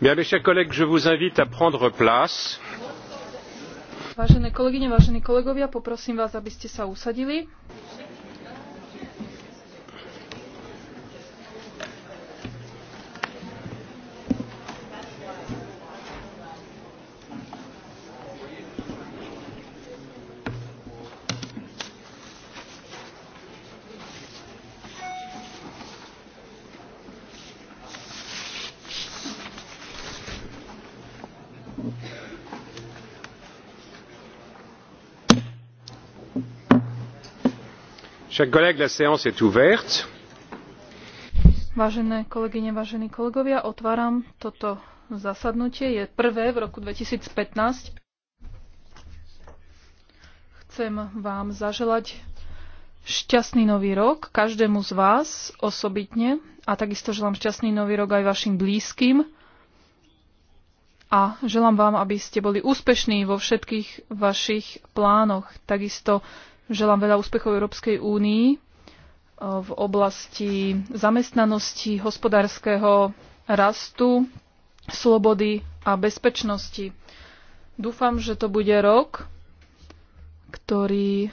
mes chers collègues, je vous invite à prendre place. Vážené kolegyne, vážení kolegovia, poprosím vás, aby ste sa usadili. Vážené kolegyne, vážení kolegovia, otváram toto zasadnutie. Je prvé v roku 2015. Chcem vám zaželať šťastný nový rok každému z vás osobitne a takisto želám šťastný nový rok aj vašim blízkym a želám vám, aby ste boli úspešní vo všetkých vašich plánoch. Takisto Želám veľa úspechov Európskej únii eh, v oblasti zamestnanosti, hospodárskeho rastu, slobody a bezpečnosti. Dúfam, že to bude rok, ktorý eh,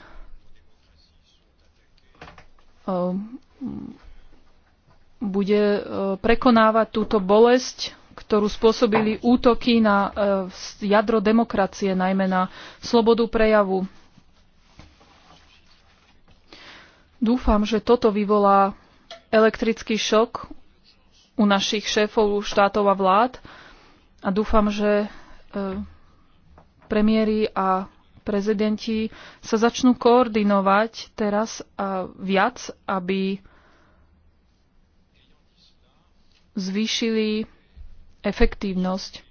bude eh, prekonávať túto bolesť, ktorú spôsobili útoky na jadro demokracie, najmä na slobodu prejavu, Dúfam, že toto vyvolá elektrický šok u našich šéfov štátov a vlád a dúfam, že e, premiéry a prezidenti sa začnú koordinovať teraz viac, aby zvýšili efektívnosť.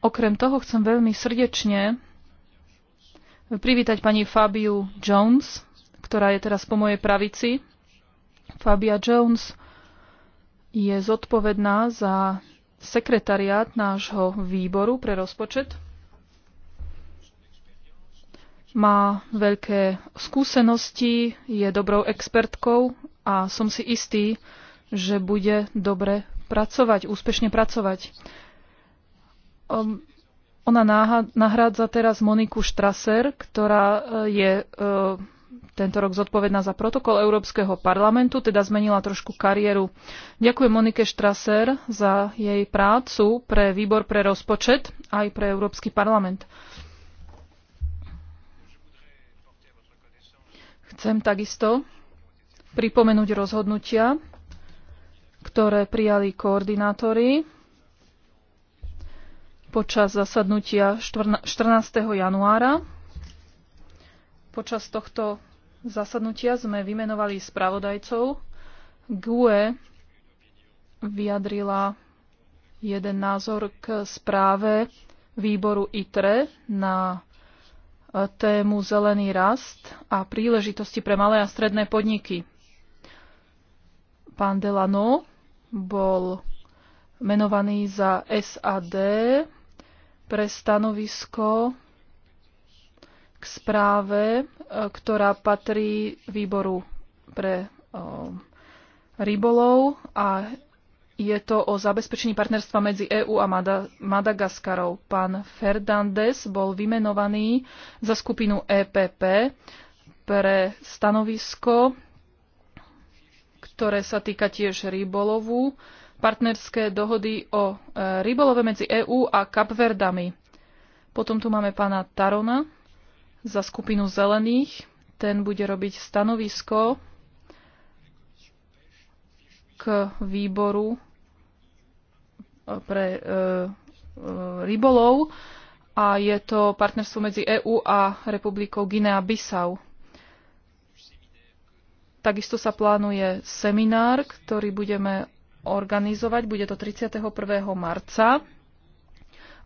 Okrem toho chcem veľmi srdečne privítať pani Fabiu Jones, ktorá je teraz po mojej pravici, Fabia Jones, je zodpovedná za sekretariát nášho výboru pre rozpočet. Má veľké skúsenosti, je dobrou expertkou a som si istý, že bude dobre pracovať, úspešne pracovať. Ehm, ona nahrádza teraz Moniku Štraser, ktorá e, je e, tento rok zodpovedná za protokol Európskeho parlamentu, teda zmenila trošku kariéru. Ďakujem Monike Štraser za jej prácu pre výbor pre rozpočet aj pre Európsky parlament. Chcem takisto pripomenúť rozhodnutia, ktoré prijali koordinátori počas zasadnutia 14. januára Počas tohto zasadnutia sme vymenovali spravodajcov. GUE vyjadrila jeden názor k správe výboru ITRE na e, tému zelený rast a príležitosti pre malé a stredné podniky. Pán Delano bol menovaný za SAD pre stanovisko správe, e, ktorá patrí výboru pre e, rybolov a je to o zabezpečení partnerstva medzi EÚ a Madagaskarou. Pán Fernández bol vymenovaný za skupinu EPP pre stanovisko, ktoré sa týka tiež rybolovu, partnerské dohody o e, rybolove medzi EÚ a Kapverdami. Potom tu máme pána Tarona, za skupinu zelených. Ten bude robiť stanovisko k výboru e, pre e, e, rybolov a je to partnerstvo medzi EÚ a Republikou Guinea-Bissau. Takisto sa plánuje seminár, ktorý budeme organizovať. Bude to 31. marca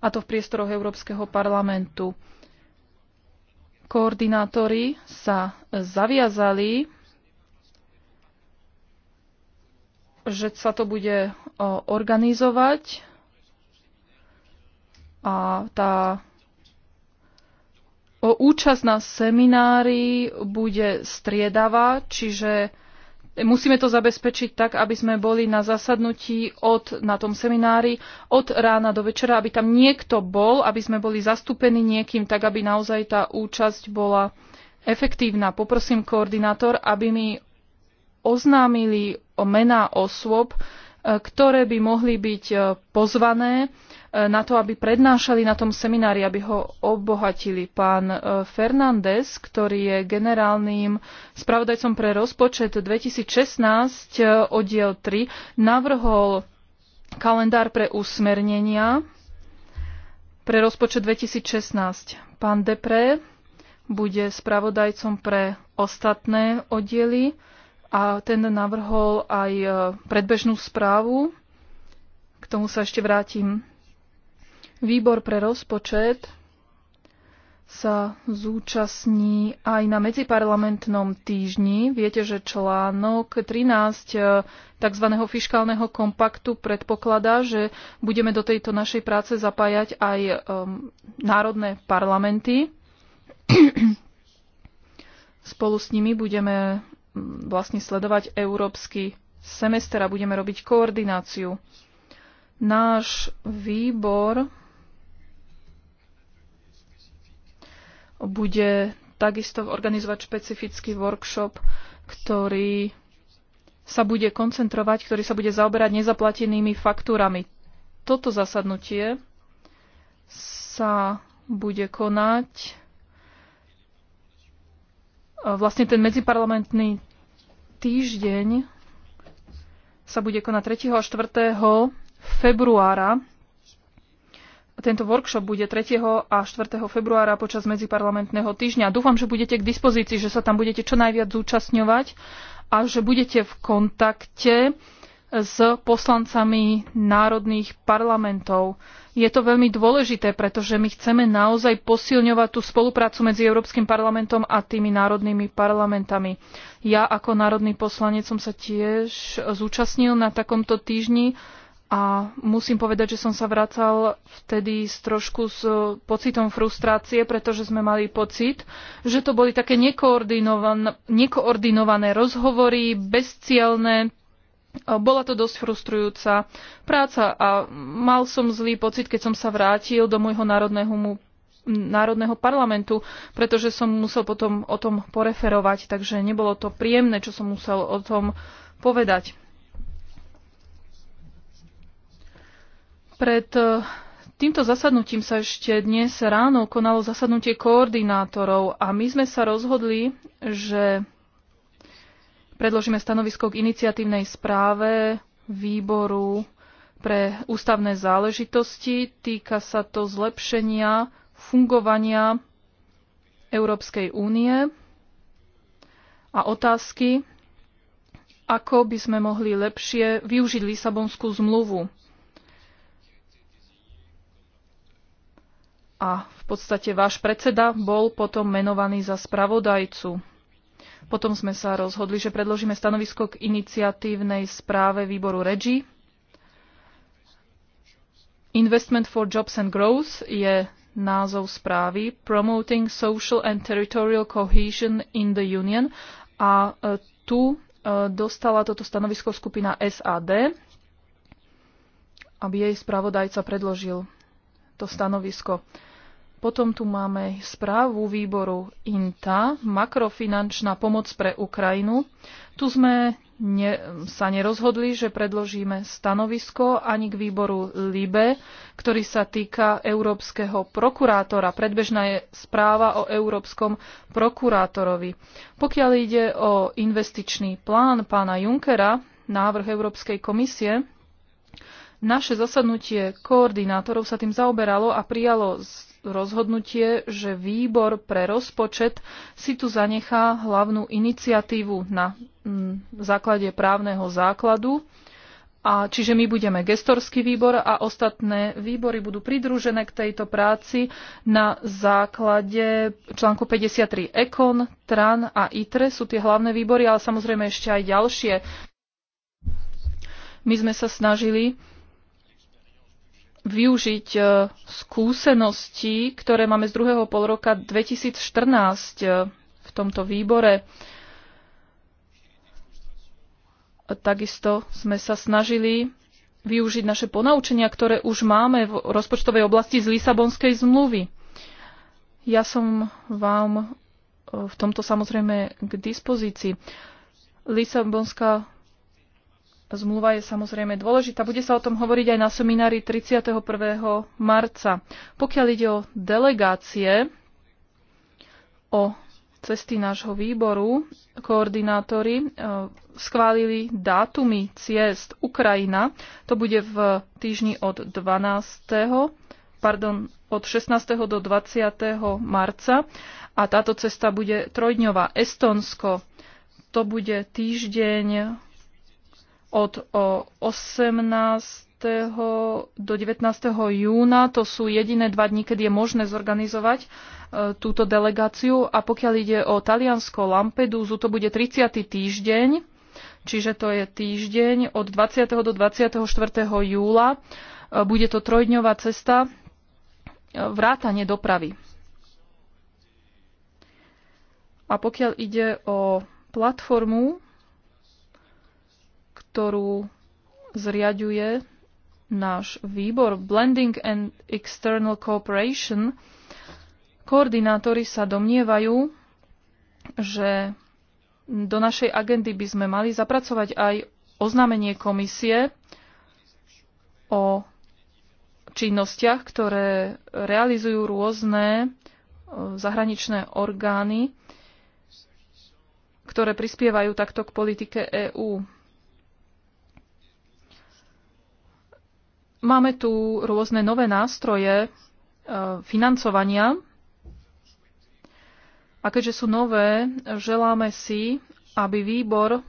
a to v priestoroch Európskeho parlamentu. Koordinátori sa zaviazali, že sa to bude organizovať a tá účasť na seminári bude striedavá, čiže musíme to zabezpečiť tak, aby sme boli na zasadnutí od, na tom seminári od rána do večera, aby tam niekto bol, aby sme boli zastúpení niekým, tak aby naozaj tá účasť bola efektívna. Poprosím koordinátor, aby mi oznámili o mená osôb, E, ktoré by mohli byť e, pozvané e, na to, aby prednášali na tom seminári, aby ho obohatili. Pán Fernández, ktorý je generálnym spravodajcom pre rozpočet 2016 oddiel 3, navrhol kalendár pre usmernenia pre rozpočet 2016. Pán Depré bude spravodajcom pre ostatné oddiely a ten navrhol aj e, predbežnú správu. K tomu sa ešte vrátim. Výbor pre rozpočet sa zúčastní aj na medziparlamentnom týždni. Viete, že článok 13 e, tzv. fiškálneho kompaktu predpokladá, že budeme do tejto našej práce zapájať aj um, národné parlamenty. Spolu s nimi budeme vlastne sledovať európsky semester a budeme robiť koordináciu. Náš výbor bude takisto organizovať špecifický workshop, ktorý sa bude koncentrovať, ktorý sa bude zaoberať nezaplatenými faktúrami. Toto zasadnutie sa bude konať E, vlastne ten medziparlamentný týždeň sa bude konať 3. a 4. februára. Tento workshop bude 3. a 4. februára počas medziparlamentného týždňa. Dúfam, že budete k dispozícii, že sa tam budete čo najviac zúčastňovať a že budete v kontakte s poslancami národných parlamentov. Je to veľmi dôležité, pretože my chceme naozaj posilňovať tú spoluprácu medzi Európskym parlamentom a tými národnými parlamentami. Ja ako národný poslanec som sa tiež zúčastnil na takomto týždni a musím povedať, že som sa vracal vtedy s trošku s pocitom frustrácie, pretože sme mali pocit, že to boli také nekoordinované, nekoordinované rozhovory, bezcielne, bola to dosť frustrujúca práca a mal som zlý pocit, keď som sa vrátil do môjho národného, mu, národného parlamentu, pretože som musel potom o tom poreferovať, takže nebolo to príjemné, čo som musel o tom povedať. Pred eh, týmto zasadnutím sa ešte dnes ráno konalo zasadnutie koordinátorov a my sme sa rozhodli, že Predložíme stanovisko k iniciatívnej správe výboru pre ústavné záležitosti. Týka sa to zlepšenia fungovania Európskej únie a otázky, ako by sme mohli lepšie využiť Lisabonskú zmluvu. A v podstate váš predseda bol potom menovaný za spravodajcu potom sme sa rozhodli, že predložíme stanovisko k iniciatívnej správe výboru REGI. Investment for Jobs and Growth je názov správy Promoting Social and Territorial Cohesion in the Union a e, tu e, dostala toto stanovisko skupina SAD, aby jej spravodajca predložil to stanovisko. Potom tu máme správu výboru INTA, makrofinančná pomoc pre Ukrajinu. Tu sme ne, sa nerozhodli, že predložíme stanovisko ani k výboru LIBE, ktorý sa týka európskeho prokurátora. Predbežná je správa o európskom prokurátorovi. Pokiaľ ide o investičný plán pána Junkera, návrh Európskej komisie, naše zasadnutie koordinátorov sa tým zaoberalo a prijalo rozhodnutie, že výbor pre rozpočet si tu zanechá hlavnú iniciatívu na mm, základe právneho základu. A čiže my budeme gestorský výbor a ostatné výbory budú pridružené k tejto práci na základe článku 53 EKON, TRAN a ITRE sú tie hlavné výbory, ale samozrejme ešte aj ďalšie. My sme sa snažili využiť e, skúsenosti, ktoré máme z druhého polroka 2014 e, v tomto výbore. Takisto sme sa snažili využiť naše ponaučenia, ktoré už máme v rozpočtovej oblasti z Lisabonskej zmluvy. Ja som vám e, v tomto samozrejme k dispozícii. Lisabonská Zmluva je samozrejme dôležitá. Bude sa o tom hovoriť aj na seminári 31. marca. Pokiaľ ide o delegácie, o cesty nášho výboru, koordinátori e, schválili dátumy ciest Ukrajina. To bude v týždni od 12. Pardon, od 16. do 20. marca a táto cesta bude trojdňová. Estonsko to bude týždeň od 18 do 19. júna. To sú jediné dva dní, kedy je možné zorganizovať e, túto delegáciu. A pokiaľ ide o Taliansko Lampedusu, to bude 30. týždeň, čiže to je týždeň od 20. do 24. júla. E, bude to trojdňová cesta e, vrátanie dopravy. A pokiaľ ide o platformu, ktorú zriaďuje náš výbor Blending and External Cooperation, koordinátori sa domnievajú, že do našej agendy by sme mali zapracovať aj oznámenie komisie o činnostiach, ktoré realizujú rôzne e, zahraničné orgány, ktoré prispievajú takto k politike EÚ. Máme tu rôzne nové nástroje e, financovania a keďže sú nové, želáme si, aby výbor,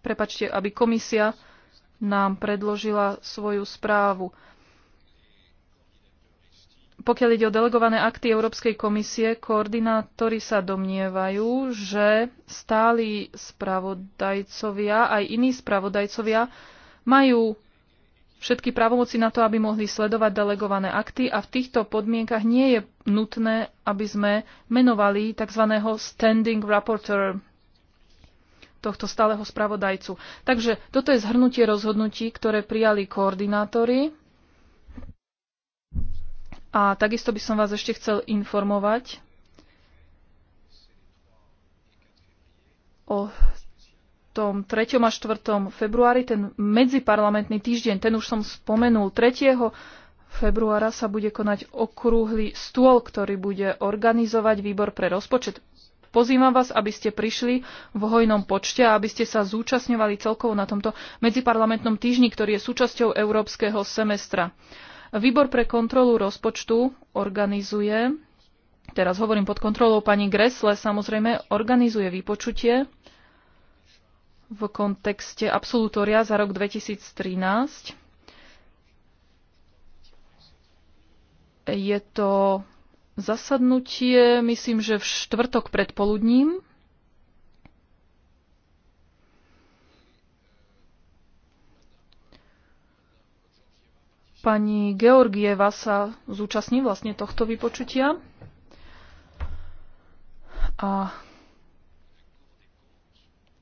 prepačte, aby komisia nám predložila svoju správu. Pokiaľ ide o delegované akty Európskej komisie, koordinátori sa domnievajú, že stáli spravodajcovia aj iní spravodajcovia majú všetky právomoci na to, aby mohli sledovať delegované akty a v týchto podmienkach nie je nutné, aby sme menovali tzv. standing rapporteur tohto stáleho spravodajcu. Takže toto je zhrnutie rozhodnutí, ktoré prijali koordinátori. A takisto by som vás ešte chcel informovať o tom 3. a 4. februári, ten medziparlamentný týždeň, ten už som spomenul, 3. februára sa bude konať okrúhly stôl, ktorý bude organizovať výbor pre rozpočet. Pozývam vás, aby ste prišli v hojnom počte a aby ste sa zúčastňovali celkovo na tomto medziparlamentnom týždni, ktorý je súčasťou európskeho semestra. Výbor pre kontrolu rozpočtu organizuje, teraz hovorím pod kontrolou pani Gresle, samozrejme organizuje vypočutie v kontexte absolutória za rok 2013. Je to zasadnutie, myslím, že v štvrtok predpoludním. Pani Georgieva sa zúčastní vlastne tohto vypočutia. A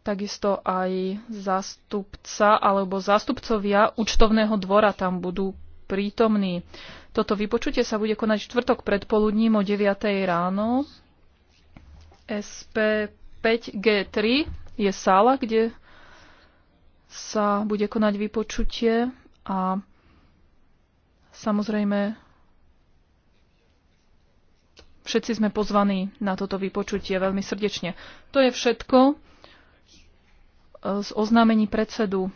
Takisto aj zástupca alebo zástupcovia účtovného dvora tam budú prítomní. Toto vypočutie sa bude konať čtvrtok predpoludním o 9. ráno. SP5G3 je sála, kde sa bude konať vypočutie a samozrejme všetci sme pozvaní na toto vypočutie veľmi srdečne. To je všetko z oznámení predsedu.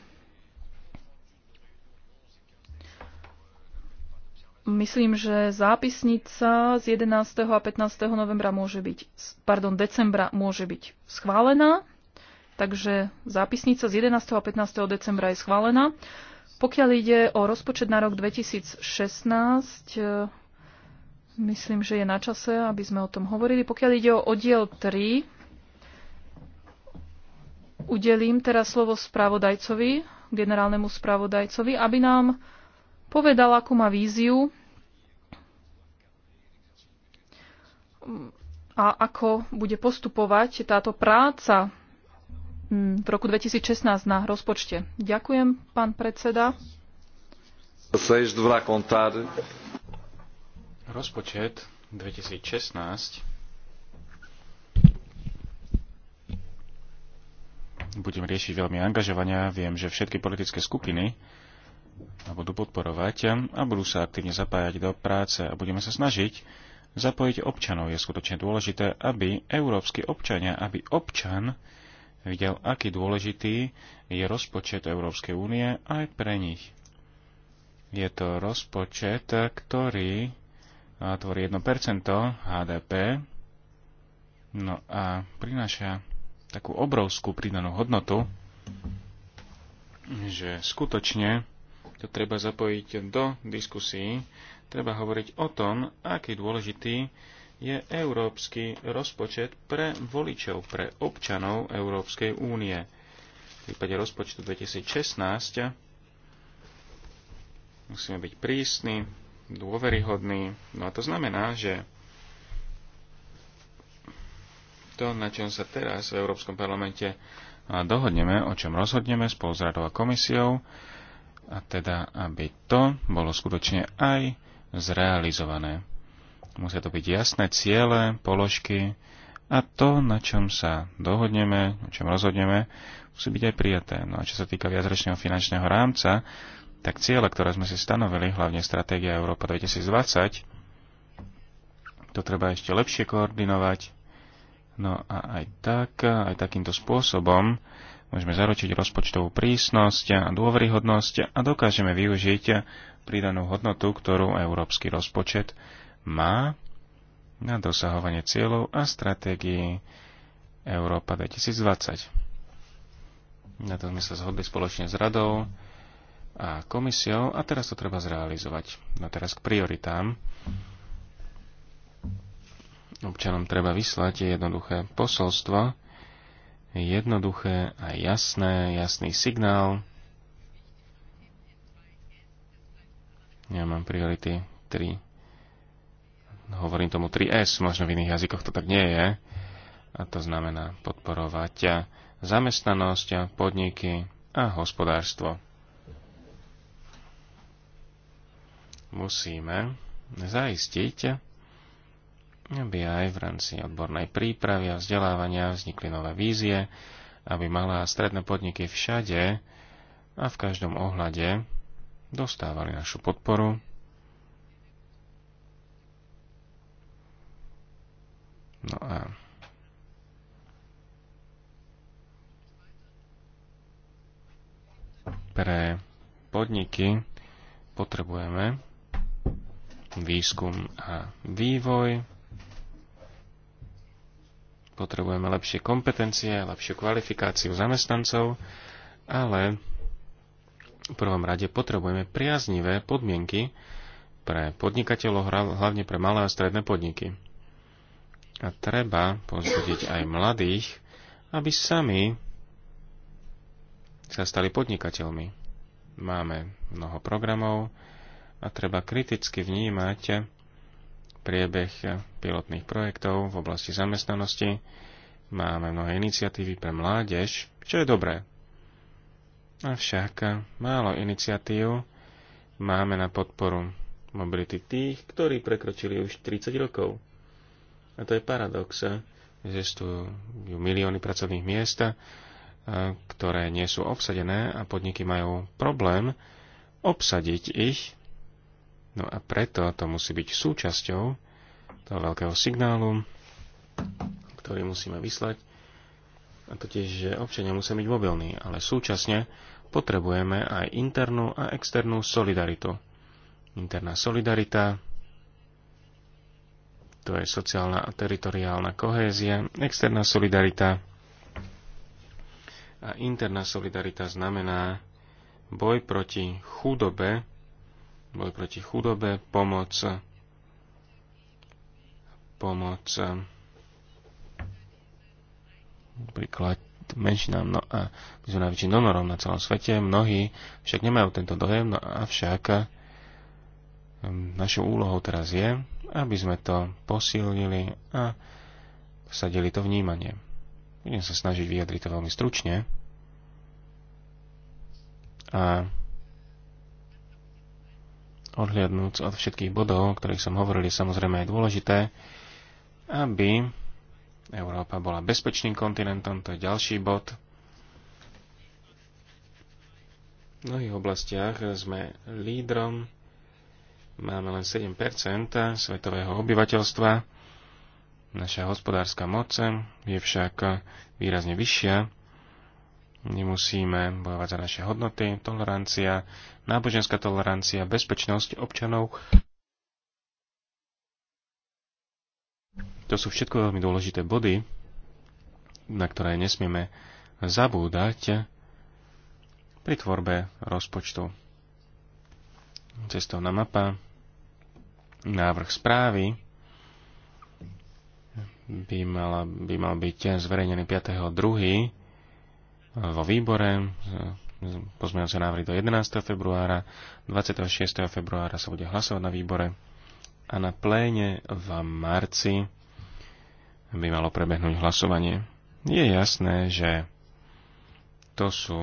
Myslím, že zápisnica z 11. a 15. novembra môže byť, pardon, decembra môže byť schválená. Takže zápisnica z 11. a 15. decembra je schválená. Pokiaľ ide o rozpočet na rok 2016, e, myslím, že je na čase, aby sme o tom hovorili. Pokiaľ ide o oddiel 3, Udelím teraz slovo spravodajcovi, generálnemu spravodajcovi, aby nám povedal, akú má víziu a ako bude postupovať táto práca hm, v roku 2016 na rozpočte. Ďakujem, pán predseda. Rozpočet 2016 budem riešiť veľmi angažovania. Viem, že všetky politické skupiny a budú podporovať a budú sa aktívne zapájať do práce a budeme sa snažiť zapojiť občanov. Je skutočne dôležité, aby európsky občania, aby občan videl, aký dôležitý je rozpočet Európskej únie aj pre nich. Je to rozpočet, ktorý tvorí 1% HDP, no a prináša takú obrovskú pridanú hodnotu, že skutočne to treba zapojiť do diskusí, treba hovoriť o tom, aký dôležitý je európsky rozpočet pre voličov, pre občanov Európskej únie. V prípade rozpočtu 2016 musíme byť prísni, dôveryhodní. No a to znamená, že to, na čom sa teraz v Európskom parlamente dohodneme, o čom rozhodneme spolu s Radou a komisiou, a teda, aby to bolo skutočne aj zrealizované. Musia to byť jasné ciele, položky a to, na čom sa dohodneme, o čom rozhodneme, musí byť aj prijaté. No a čo sa týka viacročného finančného rámca, tak ciele, ktoré sme si stanovili, hlavne stratégia Európa 2020, to treba ešte lepšie koordinovať No a aj tak, aj takýmto spôsobom môžeme zaručiť rozpočtovú prísnosť a dôveryhodnosť a dokážeme využiť pridanú hodnotu, ktorú európsky rozpočet má na dosahovanie cieľov a stratégií Európa 2020. Na to sme sa zhodli spoločne s radou a komisiou a teraz to treba zrealizovať. No teraz k prioritám občanom treba vyslať je jednoduché posolstvo, jednoduché a jasné, jasný signál. Ja mám priority 3. Hovorím tomu 3S, možno v iných jazykoch to tak nie je. A to znamená podporovať zamestnanosť, podniky a hospodárstvo. Musíme zaistiť, aby aj v rámci odbornej prípravy a vzdelávania vznikli nové vízie, aby malé a stredné podniky všade a v každom ohľade dostávali našu podporu. No a pre podniky potrebujeme výskum a vývoj, Potrebujeme lepšie kompetencie, lepšiu kvalifikáciu zamestnancov, ale v prvom rade potrebujeme priaznivé podmienky pre podnikateľov, hlavne pre malé a stredné podniky. A treba pozbudiť aj mladých, aby sami sa stali podnikateľmi. Máme mnoho programov a treba kriticky vnímať priebeh pilotných projektov v oblasti zamestnanosti. Máme mnohé iniciatívy pre mládež, čo je dobré. Avšak málo iniciatív máme na podporu mobility tých, ktorí prekročili už 30 rokov. A to je paradox. Existujú milióny pracovných miest, ktoré nie sú obsadené a podniky majú problém obsadiť ich No a preto to musí byť súčasťou toho veľkého signálu, ktorý musíme vyslať. A totiž, že občania musia byť mobilní, ale súčasne potrebujeme aj internú a externú solidaritu. Interná solidarita, to je sociálna a teritoriálna kohézia, externá solidarita a interná solidarita znamená boj proti chudobe, boj proti chudobe, pomoc, pomoc príklad menšinám, no a my sme najväčším donorom na celom svete, mnohí však nemajú tento dojem, no avšak ehm, našou úlohou teraz je, aby sme to posilnili a vsadili to vnímanie. Budem sa snažiť vyjadriť to veľmi stručne. A odhliadnúc od všetkých bodov, o ktorých som hovoril, je samozrejme aj dôležité, aby Európa bola bezpečným kontinentom, to je ďalší bod. V mnohých oblastiach sme lídrom, máme len 7% svetového obyvateľstva. Naša hospodárska moc je však výrazne vyššia nemusíme bojovať za naše hodnoty, tolerancia, náboženská tolerancia, bezpečnosť občanov. To sú všetko veľmi dôležité body, na ktoré nesmieme zabúdať pri tvorbe rozpočtu. Cestovná mapa, návrh správy by, mala, by mal byť zverejnený 5.2 vo výbore. Pozmeňujúce návrhy do 11. februára, 26. februára sa bude hlasovať na výbore a na pléne v marci by malo prebehnúť hlasovanie. Je jasné, že to sú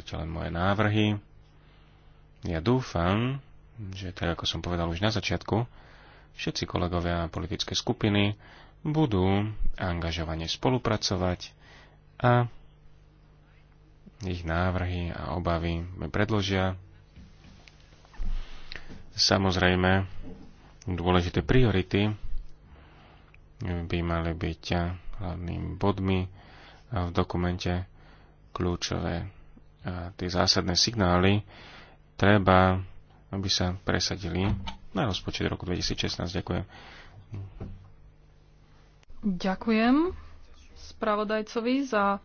zatiaľ len moje návrhy. Ja dúfam, že tak ako som povedal už na začiatku, všetci kolegovia a politické skupiny budú angažovane spolupracovať a ich návrhy a obavy predložia. Samozrejme, dôležité priority by mali byť hlavnými bodmi v dokumente kľúčové. A tie zásadné signály treba, aby sa presadili na rozpočet roku 2016. Ďakujem. Ďakujem spravodajcovi za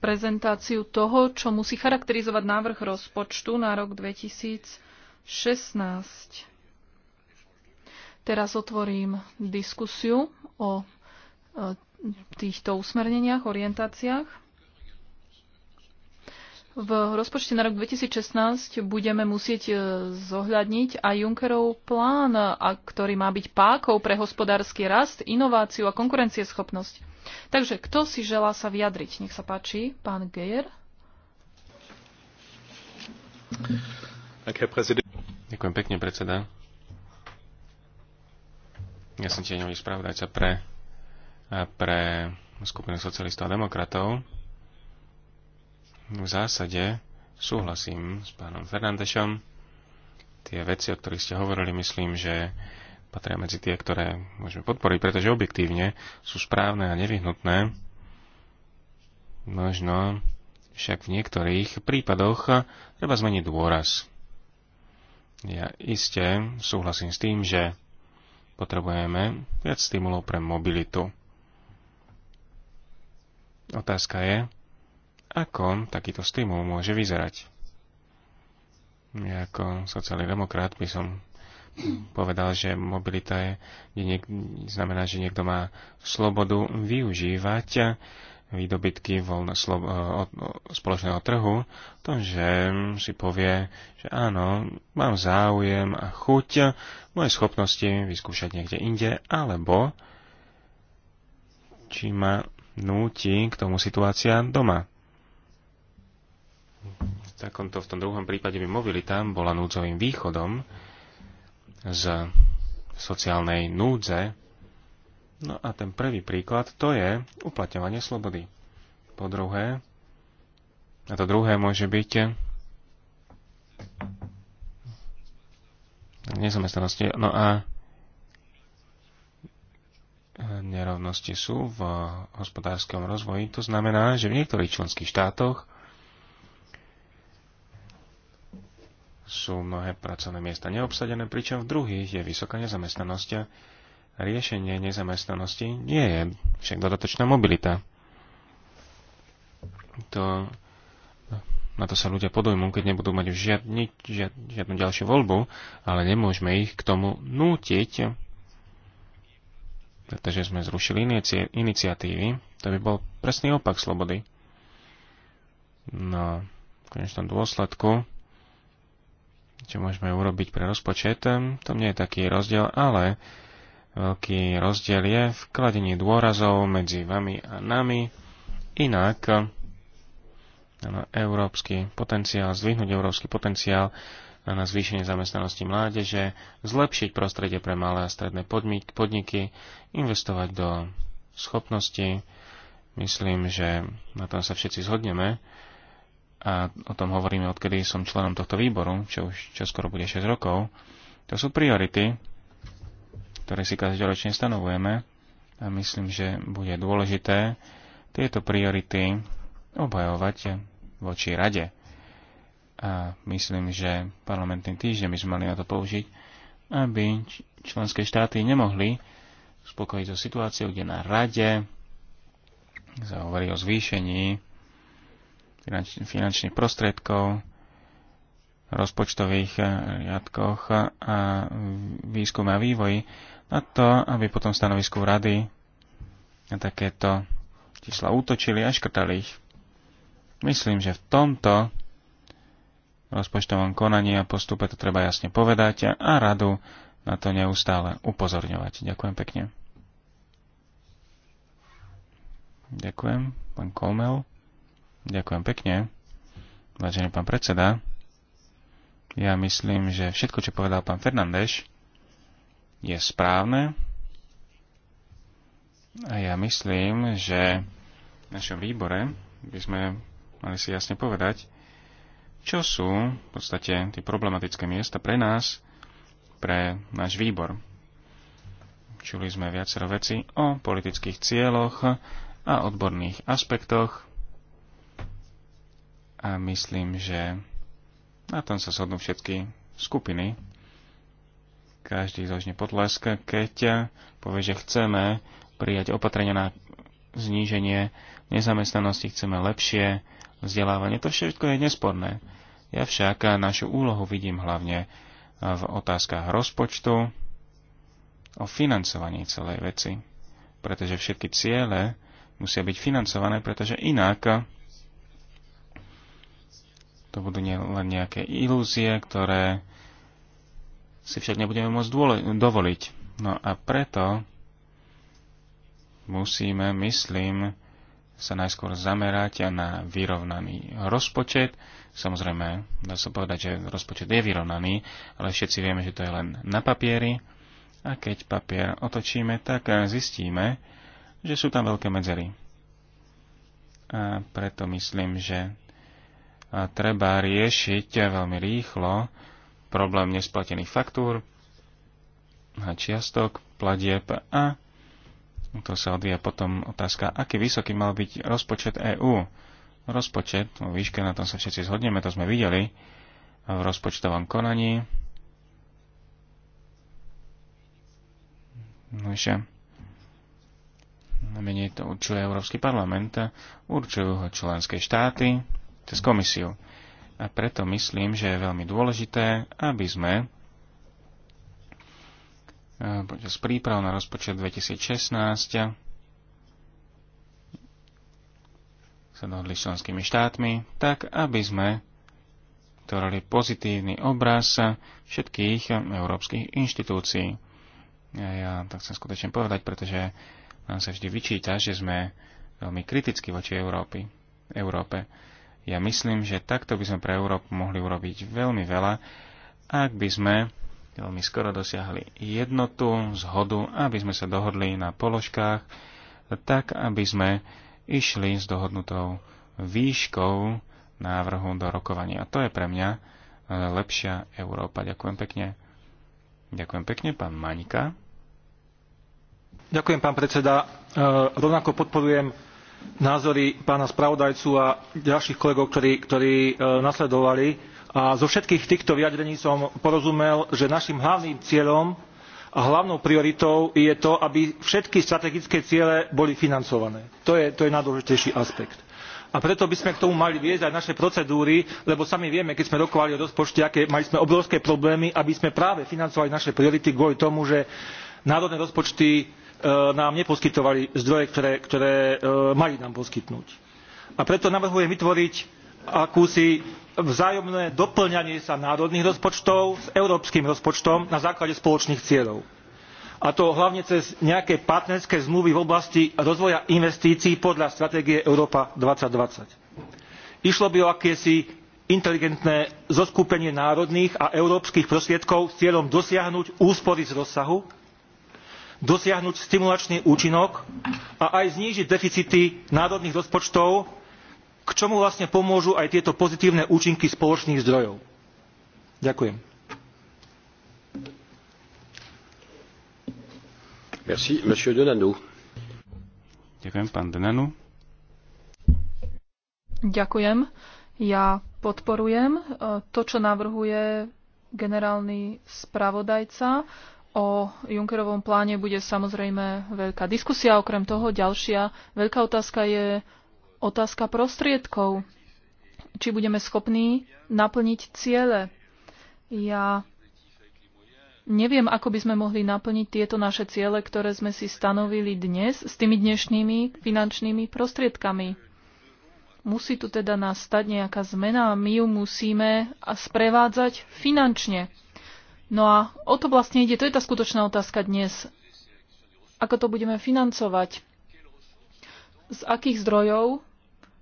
prezentáciu toho, čo musí charakterizovať návrh rozpočtu na rok 2016. Teraz otvorím diskusiu o e, týchto usmerneniach, orientáciách. V rozpočte na rok 2016 budeme musieť e, zohľadniť aj Junckerov plán, ktorý má byť pákou pre hospodársky rast, inováciu a konkurencieschopnosť. Takže kto si želá sa vyjadriť? Nech sa páči, pán Gejer. Ďakujem pekne, predseda. Ja som tieňový spravodajca pre, pre skupinu socialistov a demokratov. V zásade súhlasím s pánom Fernandešom. Tie veci, o ktorých ste hovorili, myslím, že patria medzi tie, ktoré môžeme podporiť, pretože objektívne sú správne a nevyhnutné. Možno však v niektorých prípadoch treba zmeniť dôraz. Ja iste súhlasím s tým, že potrebujeme viac stimulov pre mobilitu. Otázka je, ako takýto stimul môže vyzerať. Ja ako sociálny demokrat by som povedal, že mobilita je, je niek- znamená, že niekto má slobodu využívať výdobytky voľno, slob, e, o- spoločného trhu, to, že si povie, že áno, mám záujem a chuť moje schopnosti vyskúšať niekde inde, alebo či ma núti k tomu situácia doma. V takomto v tom druhom prípade by mobilita bola núdzovým východom, z sociálnej núdze. No a ten prvý príklad to je uplatňovanie slobody. Po druhé, a to druhé môže byť nezamestnanosti. No a nerovnosti sú v hospodárskom rozvoji. To znamená, že v niektorých členských štátoch sú mnohé pracovné miesta neobsadené, pričom v druhých je vysoká nezamestnanosť. Riešenie nezamestnanosti nie je však dodatočná mobilita. To, na to sa ľudia podujmú, keď nebudú mať žiadny, žiad, žiadnu ďalšiu voľbu, ale nemôžeme ich k tomu nútiť, pretože sme zrušili inici, iniciatívy. To by bol presný opak slobody. No, v konečnom dôsledku čo môžeme urobiť pre rozpočet, To nie je taký rozdiel, ale veľký rozdiel je v kladení dôrazov medzi vami a nami. Inak na európsky potenciál, zvyhnúť európsky potenciál na zvýšenie zamestnanosti mládeže, zlepšiť prostredie pre malé a stredné podniky, investovať do schopnosti. Myslím, že na tom sa všetci zhodneme a o tom hovoríme, odkedy som členom tohto výboru, čo už čo skoro bude 6 rokov, to sú priority, ktoré si každoročne stanovujeme a myslím, že bude dôležité tieto priority obhajovať voči rade. A myslím, že parlamentný týždeň by sme mali na to použiť, aby členské štáty nemohli spokojiť so situáciou, kde na rade sa hovorí o zvýšení finančných prostriedkov, rozpočtových eh, riadkoch a výskum a vývoj na to, aby potom stanovisku rady na takéto čísla útočili a škrtali ich. Myslím, že v tomto rozpočtovom konaní a postupe to treba jasne povedať a radu na to neustále upozorňovať. Ďakujem pekne. Ďakujem, pán Komel. Ďakujem pekne. Vážený pán predseda, ja myslím, že všetko, čo povedal pán Fernández, je správne. A ja myslím, že v našom výbore by sme mali si jasne povedať, čo sú v podstate tie problematické miesta pre nás, pre náš výbor. Čuli sme viacero veci o politických cieľoch a odborných aspektoch a myslím, že na tom sa shodnú všetky skupiny. Každý zložne potlesk, keď povie, že chceme prijať opatrenia na zníženie nezamestnanosti, chceme lepšie vzdelávanie. To všetko je nesporné. Ja však našu úlohu vidím hlavne v otázkach rozpočtu, o financovaní celej veci. Pretože všetky ciele musia byť financované, pretože inak to budú len nejaké ilúzie, ktoré si však nebudeme môcť dovoliť. No a preto musíme, myslím, sa najskôr zamerať na vyrovnaný rozpočet. Samozrejme, dá sa povedať, že rozpočet je vyrovnaný, ale všetci vieme, že to je len na papieri. A keď papier otočíme, tak zistíme, že sú tam veľké medzery. A preto myslím, že treba riešiť veľmi rýchlo problém nesplatených faktúr a čiastok, platieb a to sa odvíja potom otázka, aký vysoký mal byť rozpočet EÚ. Rozpočet, o výške na tom sa všetci zhodneme, to sme videli v rozpočtovom konaní. No ešte. menej to určuje Európsky parlament, určujú ho členské štáty, cez komisiu. A preto myslím, že je veľmi dôležité, aby sme e, počas príprav na rozpočet 2016 sa dohodli s členskými štátmi, tak aby sme vytvorili pozitívny obraz všetkých európskych inštitúcií. Ja, ja to chcem skutočne povedať, pretože nám sa vždy vyčíta, že sme veľmi kriticky voči Európy, Európe. Ja myslím, že takto by sme pre Európu mohli urobiť veľmi veľa, ak by sme veľmi skoro dosiahli jednotu, zhodu, aby sme sa dohodli na položkách, tak aby sme išli s dohodnutou výškou návrhu do rokovania. To je pre mňa e, lepšia Európa. Ďakujem pekne. Ďakujem pekne, pán Manika. Ďakujem, pán predseda. E, rovnako podporujem názory pána spravodajcu a ďalších kolegov, ktorí, ktorí e, nasledovali. A zo všetkých týchto vyjadrení som porozumel, že našim hlavným cieľom a hlavnou prioritou je to, aby všetky strategické ciele boli financované. To je, to je najdôležitejší aspekt a preto by sme k tomu mali viesť aj naše procedúry lebo sami vieme keď sme rokovali o rozpočte aké mali sme obrovské problémy aby sme práve financovali naše priority kvôli tomu že národné rozpočty E, nám neposkytovali zdroje, ktoré, e, mali nám poskytnúť. A preto navrhujem vytvoriť akúsi vzájomné dopĺňanie sa národných rozpočtov s európskym rozpočtom na základe spoločných cieľov. A to hlavne cez nejaké partnerské zmluvy v oblasti rozvoja investícií podľa stratégie Európa 2020. Išlo by o akési inteligentné zoskupenie národných a európskych prostriedkov s cieľom dosiahnuť úspory z rozsahu dosiahnuť stimulačný účinok a aj znížiť deficity národných rozpočtov, k čomu vlastne pomôžu aj tieto pozitívne účinky spoločných zdrojov. Ďakujem. Merci, monsieur Denano. Ďakujem, pán Denano. Ďakujem. Ja podporujem eh, to, čo navrhuje generálny spravodajca O Junckerovom pláne bude samozrejme veľká diskusia. Okrem toho ďalšia veľká otázka je otázka prostriedkov. Či budeme schopní naplniť ciele. Ja neviem, ako by sme mohli naplniť tieto naše ciele, ktoré sme si stanovili dnes s tými dnešnými finančnými prostriedkami. Musí tu teda nastať nejaká zmena a my ju musíme sprevádzať finančne No a o to vlastne ide, to je tá skutočná otázka dnes. Ako to budeme financovať? Z akých zdrojov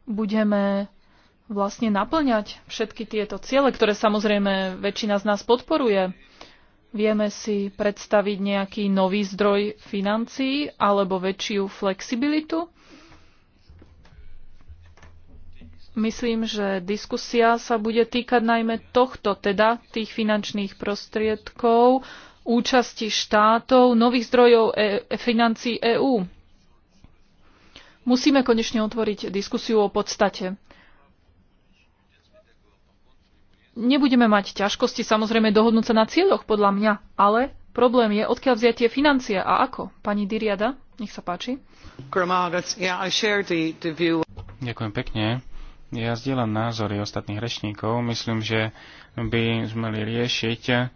budeme vlastne naplňať všetky tieto ciele, ktoré samozrejme väčšina z nás podporuje. Vieme si predstaviť nejaký nový zdroj financií alebo väčšiu flexibilitu Myslím, že diskusia sa bude týkať najmä tohto, teda tých finančných prostriedkov, účasti štátov, nových zdrojov e- financí EÚ. Musíme konečne otvoriť diskusiu o podstate. Nebudeme mať ťažkosti samozrejme dohodnúť sa na cieľoch, podľa mňa, ale problém je, odkiaľ vziať tie financie a ako. Pani Diriada, nech sa páči. Ďakujem pekne ja zdieľam názory ostatných rečníkov. Myslím, že by sme mali riešiť eh,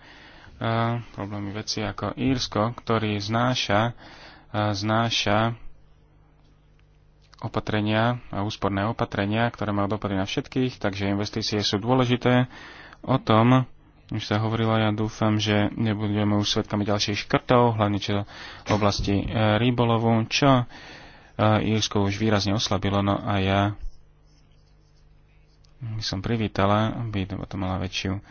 problémy veci ako Írsko, ktorý znáša, eh, znáša opatrenia a úsporné opatrenia, ktoré majú dopady na všetkých, takže investície sú dôležité. O tom už sa hovorilo, ja dúfam, že nebudeme už svetkami ďalších škrtov, hlavne čo v oblasti eh, rybolovu, čo Írsko už výrazne oslabilo, no a ja som privítala, aby to mala väčšiu um,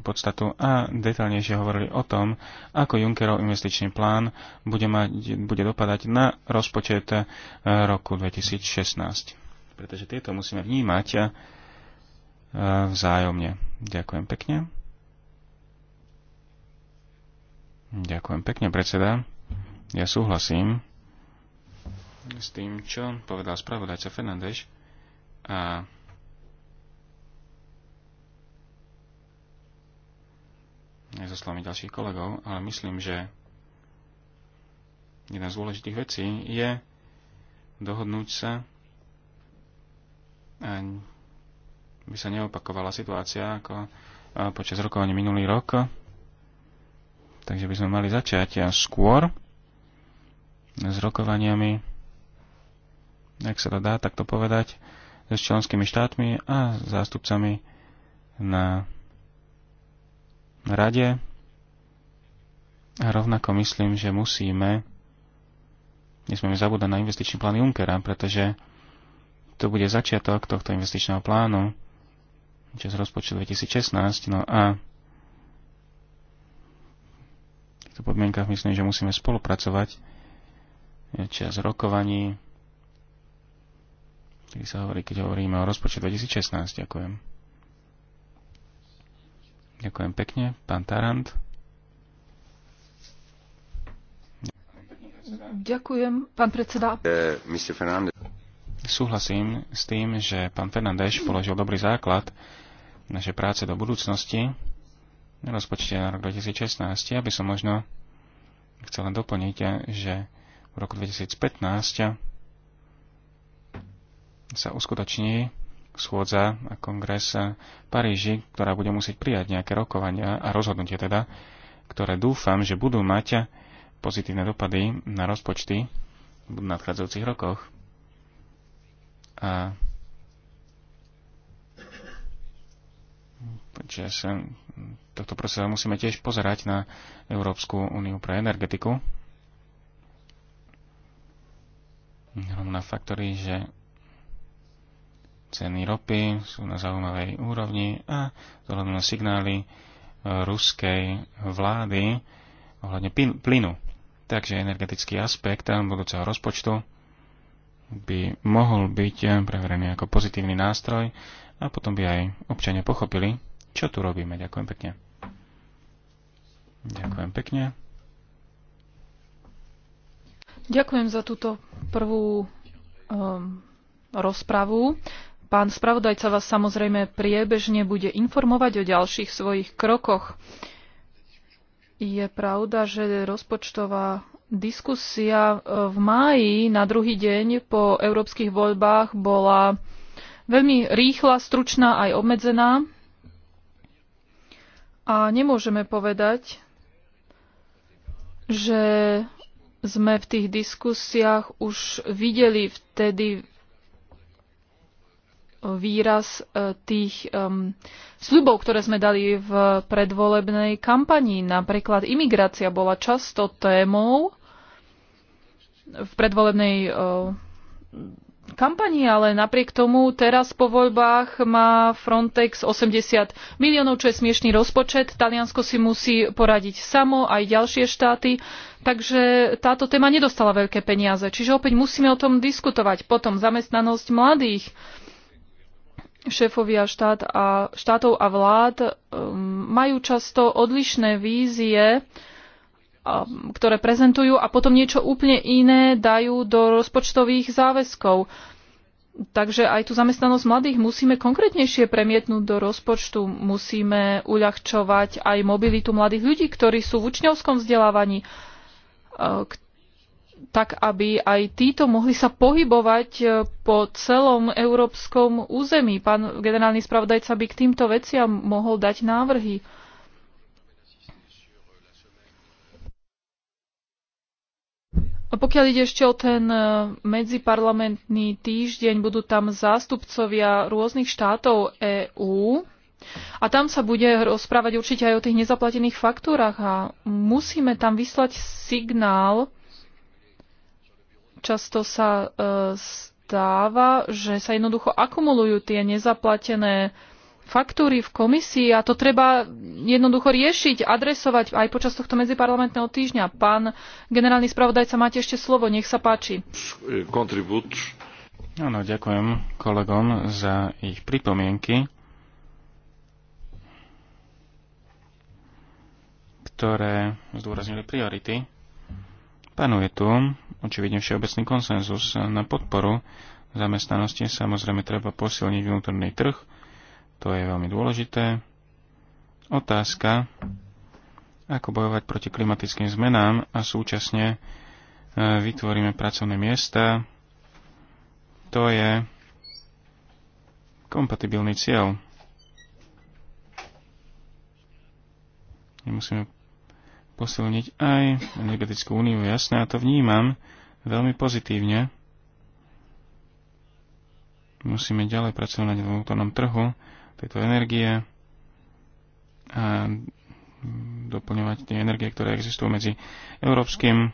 podstatu a detaľnejšie hovorili o tom, ako Junckerov investičný plán bude, mať, bude dopadať na rozpočet eh, roku 2016. Pretože tieto musíme vnímať eh, vzájomne. Ďakujem pekne. Ďakujem pekne, predseda. Ja súhlasím s tým, čo povedal spravodajca Fernández a so slovami ďalších kolegov, ale myslím, že jedna z dôležitých vecí je dohodnúť sa a by sa neopakovala situácia ako počas rokovania minulý rok. Takže by sme mali začať a skôr s rokovaniami, ak sa to dá takto povedať, so členskými štátmi a zástupcami na rade. A rovnako myslím, že musíme, nesmieme zabúdať na investičný plán Junckera, pretože to bude začiatok tohto investičného plánu, čas rozpočtu 2016, no a v týchto podmienkach myslím, že musíme spolupracovať čas rokovaní, kedy sa hovorí, keď hovoríme o rozpočte 2016. Ďakujem. Ďakujem pekne, pán Tarant. Ďakujem, pán predseda. E, Súhlasím s tým, že pán Fernández položil dobrý základ našej práce do budúcnosti na rozpočte na rok 2016. Ja by som možno chcel len doplniť, že v roku 2015 sa uskutoční schôdza a kongres v Paríži, ktorá bude musieť prijať nejaké rokovania a rozhodnutie teda, ktoré dúfam, že budú mať pozitívne dopady na rozpočty v nadchádzajúcich rokoch. A Čiže sa tohto procesu musíme tiež pozerať na Európsku úniu pre energetiku. Na faktory, že Ceny ropy sú na zaujímavej úrovni a vzhľadom na signály e, ruskej vlády ohľadne plynu. Takže energetický aspekt budúceho rozpočtu by mohol byť preverený ako pozitívny nástroj a potom by aj občania pochopili, čo tu robíme. Ďakujem pekne. Ďakujem pekne. Ďakujem za túto prvú um, rozpravu. Pán spravodajca vás samozrejme priebežne bude informovať o ďalších svojich krokoch. Je pravda, že rozpočtová diskusia e, v máji na druhý deň po európskych voľbách bola veľmi rýchla, stručná aj obmedzená. A nemôžeme povedať, že sme v tých diskusiách už videli vtedy výraz e, tých um, sľubov, ktoré sme dali v predvolebnej kampanii. Napríklad imigrácia bola často témou v predvolebnej uh, e, kampanii, ale napriek tomu teraz po voľbách má Frontex 80 miliónov, čo je smiešný rozpočet. Taliansko si musí poradiť samo, aj ďalšie štáty. Takže táto téma nedostala veľké peniaze. Čiže opäť musíme o tom diskutovať. Potom zamestnanosť mladých. Uh, šéfovia štát a, štátov a vlád um, majú často odlišné vízie, um, ktoré prezentujú a potom niečo úplne iné dajú do rozpočtových záväzkov. Takže aj tú zamestnanosť mladých musíme konkrétnejšie premietnúť do rozpočtu. Musíme uľahčovať aj mobilitu mladých ľudí, ktorí sú v učňovskom vzdelávaní, uh, tak aby aj títo mohli sa pohybovať e, po celom európskom území. Pán generálny spravodajca by k týmto veciam mohol dať návrhy. A pokiaľ ide ešte o ten e, medziparlamentný týždeň, budú tam zástupcovia rôznych štátov EÚ. A tam sa bude rozprávať určite aj o tých nezaplatených faktúrach a musíme tam vyslať signál, často sa e, stáva, že sa jednoducho akumulujú tie nezaplatené faktúry v komisii a to treba jednoducho riešiť, adresovať aj počas tohto medziparlamentného týždňa. Pán generálny spravodajca, máte ešte slovo, nech sa páči. Kontribút. Áno, ďakujem kolegom za ich pripomienky, ktoré zdôraznili priority Panuje tu očividne všeobecný konsenzus na podporu zamestnanosti. Samozrejme treba posilniť vnútorný trh, to je veľmi dôležité. Otázka, ako bojovať proti klimatickým zmenám a súčasne e, vytvoríme pracovné miesta, to je kompatibilný cieľ. Nemusíme posilniť aj energetickú úniu. Jasné, ja to vnímam veľmi pozitívne. Musíme ďalej pracovať na vnútornom trhu tejto energie a doplňovať tie energie, ktoré existujú medzi európskym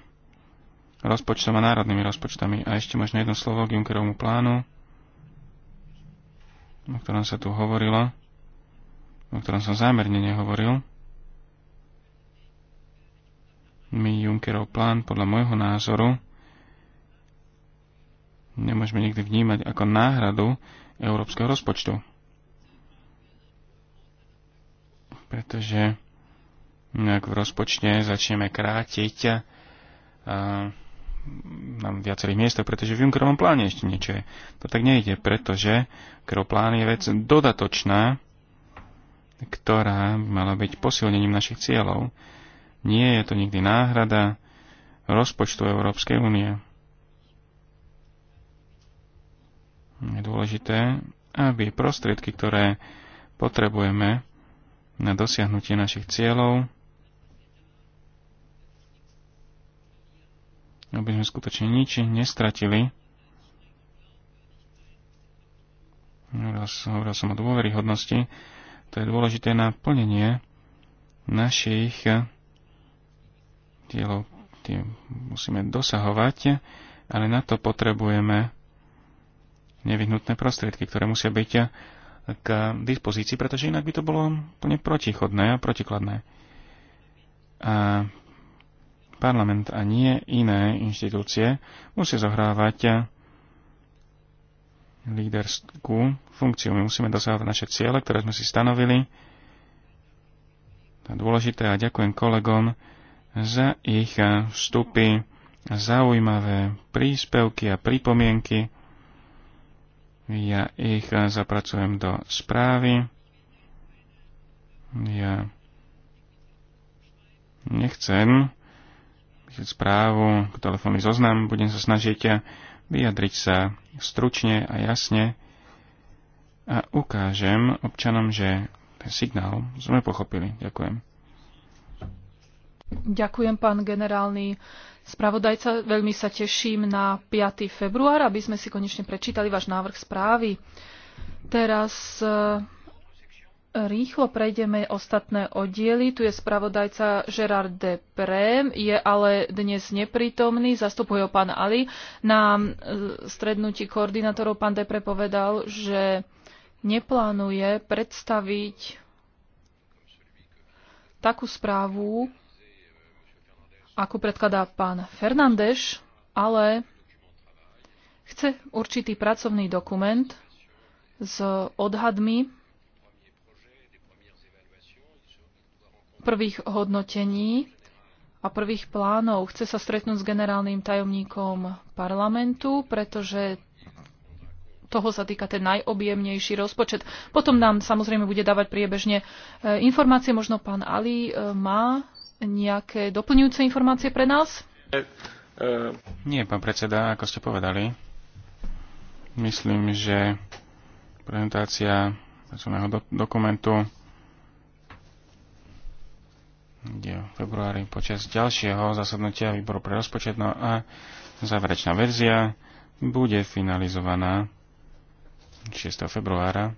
rozpočtom a národnými rozpočtami. A ešte možno jedno slovo k Junckerovmu plánu, o ktorom sa tu hovorilo, o ktorom som zámerne nehovoril my Junckerov plán podľa môjho názoru nemôžeme nikdy vnímať ako náhradu európskeho rozpočtu. Pretože ak v rozpočte začneme krátiť a, nám viacerých miestach, pretože v Junckerovom pláne ešte niečo je. To tak nejde, pretože Junckerov plán je vec dodatočná, ktorá mala byť posilnením našich cieľov. Nie je to nikdy náhrada rozpočtu Európskej únie. Je dôležité, aby prostriedky, ktoré potrebujeme na dosiahnutie našich cieľov, aby sme skutočne nič nestratili. Hovoril som o dôveryhodnosti. To je dôležité na plnenie našich cieľov tie musíme dosahovať, ale na to potrebujeme nevyhnutné prostriedky, ktoré musia byť k dispozícii, pretože inak by to bolo úplne protichodné a protikladné. A parlament a nie iné inštitúcie musia zohrávať líderskú funkciu. My musíme dosahovať naše ciele, ktoré sme si stanovili. To je dôležité a ďakujem kolegom, za ich eh, vstupy, zaujímavé príspevky a pripomienky. Ja ich eh, zapracujem do správy. Ja nechcem správu k telefónu zoznam, budem sa snažiť eh, vyjadriť sa stručne a jasne a ukážem občanom, že ten signál sme pochopili. Ďakujem. Ďakujem, pán generálny spravodajca. Veľmi sa teším na 5. február, aby sme si konečne prečítali váš návrh správy. Teraz eh, Rýchlo prejdeme ostatné oddiely. Tu je spravodajca Gerard Depré, je ale dnes neprítomný, zastupuje ho pán Ali. Na eh, strednutí koordinátorov pán Depre povedal, že neplánuje predstaviť takú správu, ako predkladá pán Fernández, ale chce určitý pracovný dokument s odhadmi prvých hodnotení a prvých plánov. Chce sa stretnúť s generálnym tajomníkom parlamentu, pretože toho sa týka ten najobjemnejší rozpočet. Potom nám samozrejme bude dávať priebežne e, informácie. Možno pán Ali e, má nejaké doplňujúce informácie pre nás? Nie, pán predseda, ako ste povedali. Myslím, že prezentácia pracovného do- dokumentu kde v februári počas ďalšieho zasadnutia výboru pre rozpočetno a záverečná verzia bude finalizovaná 6. februára,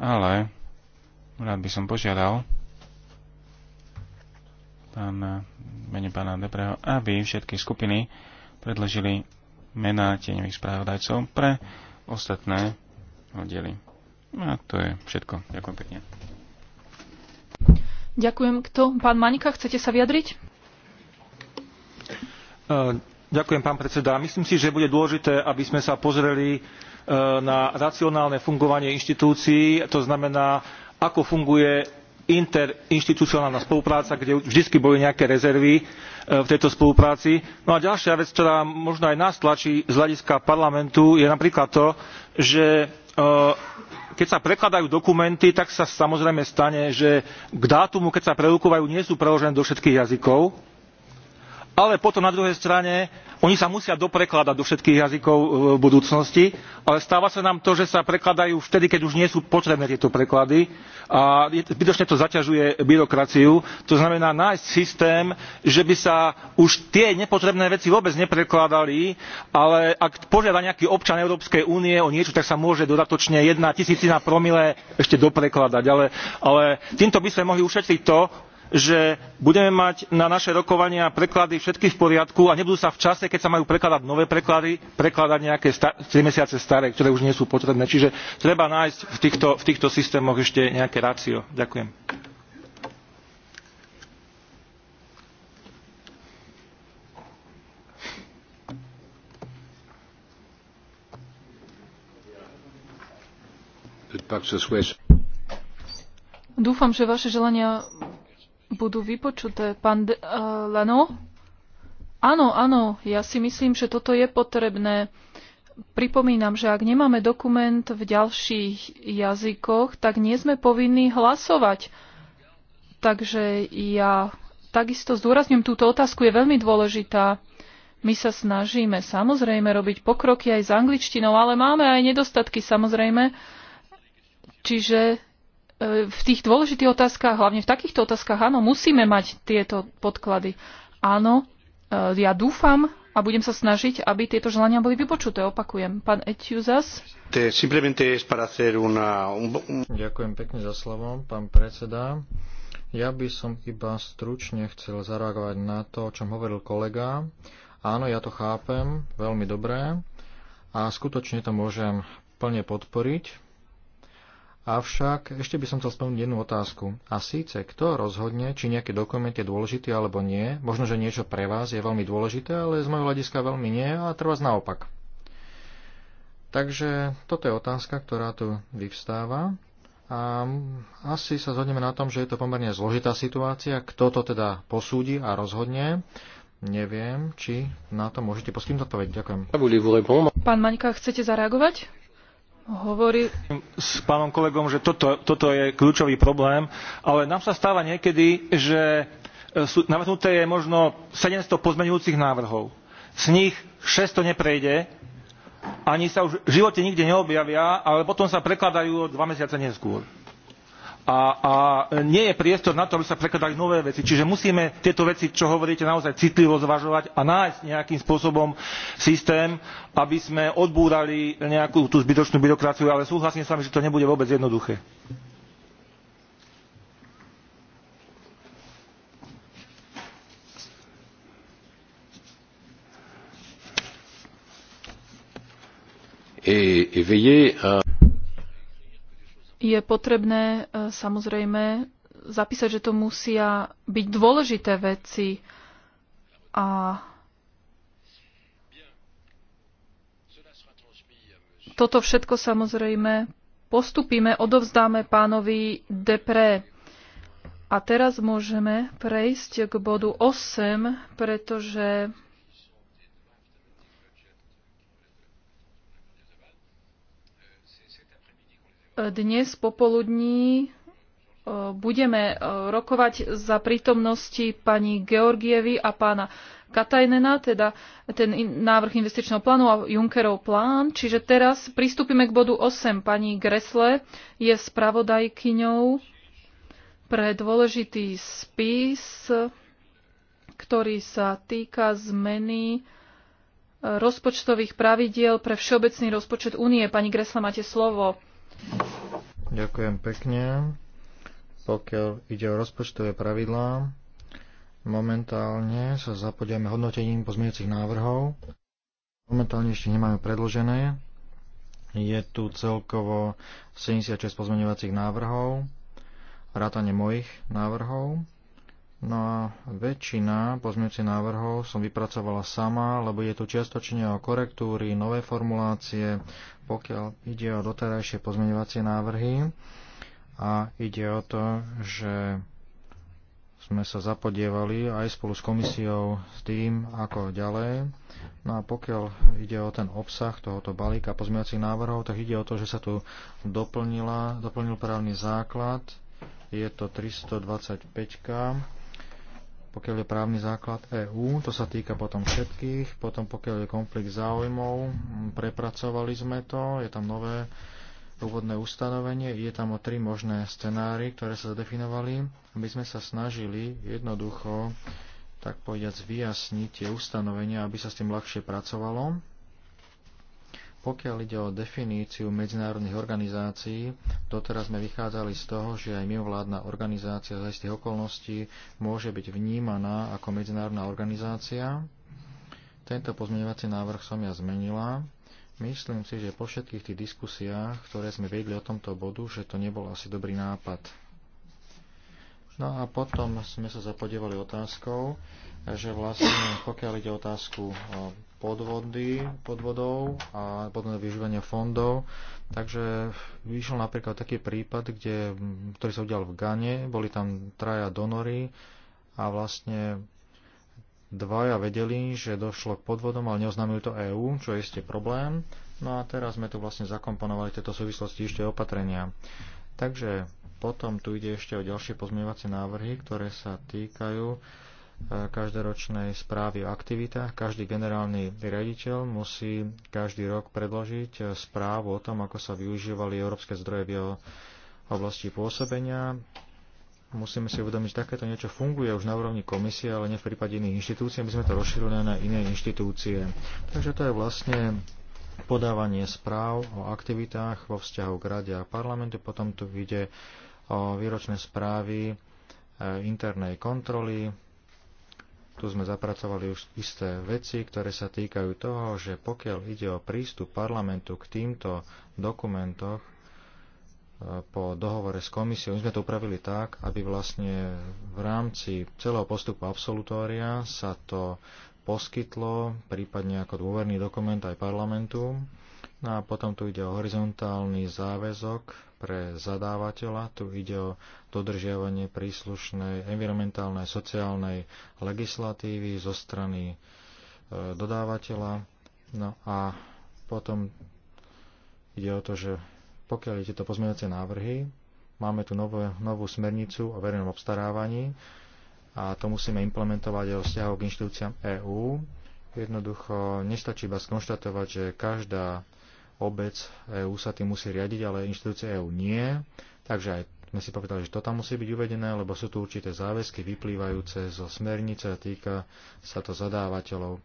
ale rád by som požiadal, Pán mene pána Depreho, aby všetky skupiny predložili mená tieňových správodajcov pre ostatné oddely. A to je všetko. Ďakujem pekne. Ďakujem. Kto? Pán Manika, chcete sa vyjadriť? E, ďakujem, pán predseda. Myslím si, že bude dôležité, aby sme sa pozreli e, na racionálne fungovanie inštitúcií, to znamená, ako funguje interinštitucionálna spolupráca, kde vždy boli nejaké rezervy e, v tejto spolupráci. No a ďalšia vec, ktorá možno aj nás tlačí z hľadiska parlamentu, je napríklad to, že e, keď sa prekladajú dokumenty, tak sa samozrejme stane, že k dátumu, keď sa prerukovajú, nie sú preložené do všetkých jazykov ale potom na druhej strane oni sa musia doprekladať do všetkých jazykov e, v budúcnosti ale stáva sa nám to že sa prekladajú vtedy keď už nie sú potrebné tieto preklady a zbytočne to zaťažuje byrokraciu to znamená nájsť systém že by sa už tie nepotrebné veci vôbec neprekladali ale ak požiada nejaký občan európskej únie o niečo tak sa môže dodatočne jedna tisícina promile ešte doprekladať ale, ale týmto by sme mohli ušetriť to že budeme mať na naše rokovania preklady všetky v poriadku a nebudú sa v čase keď sa majú prekladať nové preklady prekladať nejaké tri mesiace staré ktoré už nie sú potrebné čiže treba nájsť v týchto, v týchto systémoch ešte nejaké rácio. ďakujem. Dúfam, že vaše želania budú vypočuté. Pán De- uh, Leno? Áno, áno, ja si myslím, že toto je potrebné. Pripomínam, že ak nemáme dokument v ďalších jazykoch, tak nie sme povinní hlasovať. Takže ja takisto zdôrazňujem túto otázku, je veľmi dôležitá. My sa snažíme samozrejme robiť pokroky aj s angličtinou, ale máme aj nedostatky samozrejme. Čiže v tých dôležitých otázkach, hlavne v takýchto otázkach, áno, musíme mať tieto podklady. Áno, e, ja dúfam a budem sa snažiť, aby tieto želania boli vypočuté. Opakujem. Pán Etiuzas. Ďakujem pekne za slovo, pán predseda. Ja by som iba stručne chcel zareagovať na to, o čom hovoril kolega. Áno, ja to chápem veľmi dobre a skutočne to môžem plne podporiť. Avšak ešte by som chcel spomenúť jednu otázku. A síce, kto rozhodne, či nejaký dokument je dôležitý alebo nie? Možno, že niečo pre vás je veľmi dôležité, ale z mojho hľadiska veľmi nie a trvá naopak. Takže toto je otázka, ktorá tu vyvstáva. A asi sa zhodneme na tom, že je to pomerne zložitá situácia. Kto to teda posúdi a rozhodne, neviem, či na to môžete poskytnúť odpoveď. Ďakujem. Pán Maňka, chcete zareagovať? hovorí... S pánom kolegom, že toto, toto je kľúčový problém, ale nám sa stáva niekedy, že e, sú, navrhnuté je možno 700 pozmeňujúcich návrhov. Z nich 600 neprejde, ani sa už v živote nikde neobjavia, ale potom sa prekladajú o dva mesiace neskôr a, a nie je priestor na to, aby sa prekladali nové veci. Čiže musíme tieto veci, čo hovoríte, naozaj citlivo zvažovať a nájsť nejakým spôsobom systém, aby sme odbúrali nejakú tú zbytočnú byrokraciu, ale súhlasím s vami, že to nebude vôbec jednoduché. Et, et à je potrebné e, samozrejme zapísať, že to musia byť dôležité veci a toto všetko samozrejme postupíme, odovzdáme pánovi Depré. A teraz môžeme prejsť k bodu 8, pretože Dnes popoludní e, budeme e, rokovať za prítomnosti pani Georgievy a pána Katajnena, teda ten návrh investičného plánu a Junckerov plán. Čiže teraz pristúpime k bodu 8. Pani Gresle je spravodajkyňou pre dôležitý spis, ktorý sa týka zmeny e, rozpočtových pravidiel pre všeobecný rozpočet únie. Pani Gresle, máte slovo. Ďakujem pekne. Pokiaľ ide o rozpočtové pravidlá, momentálne sa zapodiame hodnotením pozmeňujúcich návrhov. Momentálne ešte nemáme predložené. Je tu celkovo 76 pozmeňovacích návrhov, vrátane mojich návrhov. No a väčšina pozmeňujúcich návrhov som vypracovala sama, lebo je tu čiastočne o korektúry, nové formulácie, pokiaľ ide o doterajšie pozmeňovacie návrhy. A ide o to, že sme sa zapodievali aj spolu s komisiou s tým, ako ďalej. No a pokiaľ ide o ten obsah tohoto balíka pozmeňovacích návrhov, tak ide o to, že sa tu doplnila, doplnil právny základ. Je to 325 pokiaľ je právny základ EÚ, to sa týka potom všetkých, potom pokiaľ je konflikt záujmov, prepracovali sme to, je tam nové úvodné ustanovenie, je tam o tri možné scenári, ktoré sa zadefinovali, aby sme sa snažili jednoducho, tak povediac, vyjasniť tie ustanovenia, aby sa s tým ľahšie pracovalo. Pokiaľ ide o definíciu medzinárodných organizácií, doteraz sme vychádzali z toho, že aj mimovládna organizácia z istých okolností môže byť vnímaná ako medzinárodná organizácia. Tento pozmeňovací návrh som ja zmenila. Myslím si, že po všetkých tých diskusiách, ktoré sme vedli o tomto bodu, že to nebol asi dobrý nápad. No a potom sme sa zapodievali otázkou, že vlastne pokiaľ ide otázku o podvody, podvodov a podvodné využívanie fondov. Takže vyšiel napríklad taký prípad, kde, ktorý sa udial v Gane, boli tam traja donory a vlastne dvaja vedeli, že došlo k podvodom, ale neoznámili to EÚ, čo je ešte problém. No a teraz sme tu vlastne zakomponovali tieto súvislosti ešte opatrenia. Takže potom tu ide ešte o ďalšie pozmievacie návrhy, ktoré sa týkajú E, každoročnej správy o aktivitách. Každý generálny riaditeľ musí každý rok predložiť e, správu o tom, ako sa využívali európske zdroje v jeho oblasti pôsobenia. Musíme si uvedomiť, že takéto niečo funguje už na úrovni komisie, ale nie v prípade iných inštitúcií, my sme to rozšírili na iné inštitúcie. Takže to je vlastne podávanie správ o aktivitách vo vzťahu k rade a parlamentu. Potom tu ide o výročné správy e, internej kontroly, tu sme zapracovali už isté veci, ktoré sa týkajú toho, že pokiaľ ide o prístup parlamentu k týmto dokumentoch e, po dohovore s komisiou, my sme to upravili tak, aby vlastne v rámci celého postupu absolutória sa to poskytlo, prípadne ako dôverný dokument aj parlamentu. No a potom tu ide o horizontálny záväzok pre zadávateľa. Tu ide o dodržiavanie príslušnej environmentálnej, sociálnej legislatívy zo strany e, dodávateľa. No a potom ide o to, že pokiaľ je tieto pozmeňovacie návrhy, máme tu novú, novú smernicu o verejnom obstarávaní a to musíme implementovať aj o vzťahu k inštitúciám EÚ. Jednoducho nestačí iba skonštatovať, že každá obec EÚ sa tým musí riadiť, ale inštitúcie EÚ nie. Takže aj sme si povedali, že to tam musí byť uvedené, lebo sú tu určité záväzky vyplývajúce zo smernice a týka sa to zadávateľov.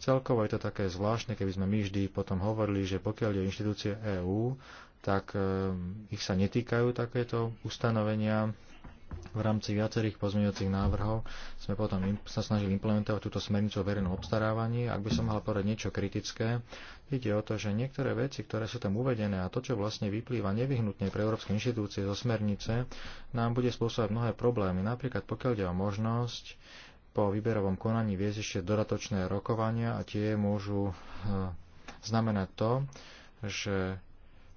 Celkovo je to také zvláštne, keby sme my vždy potom hovorili, že pokiaľ je inštitúcie EÚ, tak ehm, ich sa netýkajú takéto ustanovenia, v rámci viacerých pozmeňujúcich návrhov sme potom sa snažili implementovať túto smernicu o verejnom obstarávaní. Ak by som mal povedať niečo kritické, ide o to, že niektoré veci, ktoré sú tam uvedené a to, čo vlastne vyplýva nevyhnutne pre európske inštitúcie zo smernice, nám bude spôsobať mnohé problémy. Napríklad pokiaľ ide o možnosť po výberovom konaní viesť ešte dodatočné rokovania a tie môžu eh, znamenať to, že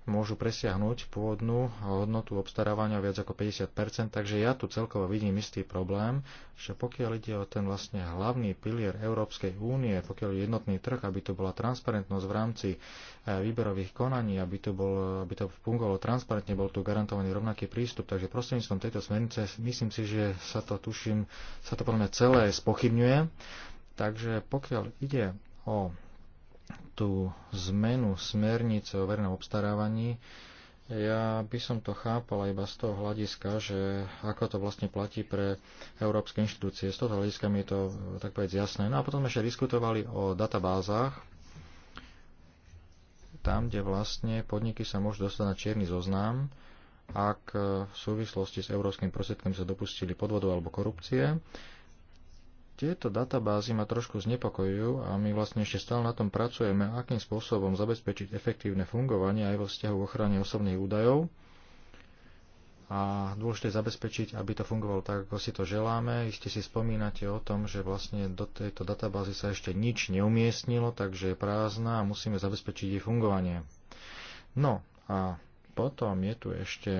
môžu presiahnuť pôvodnú hodnotu obstarávania viac ako 50%, takže ja tu celkovo vidím istý problém, že pokiaľ ide o ten vlastne hlavný pilier Európskej únie, pokiaľ je jednotný trh, aby tu bola transparentnosť v rámci e, výberových konaní, aby, tu bol, aby to fungovalo transparentne, bol tu garantovaný rovnaký prístup, takže prostredníctvom tejto smernice myslím si, že sa to tuším, sa to podľa mňa celé spochybňuje. Takže pokiaľ ide o tú zmenu smernice o verejnom obstarávaní, ja by som to chápal iba z toho hľadiska, že ako to vlastne platí pre európske inštitúcie. Z toho hľadiska mi je to tak povedz jasné. No a potom sme ešte diskutovali o databázach, tam, kde vlastne podniky sa môžu dostať na čierny zoznam, ak v súvislosti s európskym prostriedkom sa dopustili podvodu alebo korupcie. Tieto databázy ma trošku znepokojujú a my vlastne ešte stále na tom pracujeme, akým spôsobom zabezpečiť efektívne fungovanie aj vo vzťahu ochrany osobných údajov. A dôležité zabezpečiť, aby to fungovalo tak, ako si to želáme. Iste si spomínate o tom, že vlastne do tejto databázy sa ešte nič neumiestnilo, takže je prázdna a musíme zabezpečiť jej fungovanie. No a potom je tu ešte,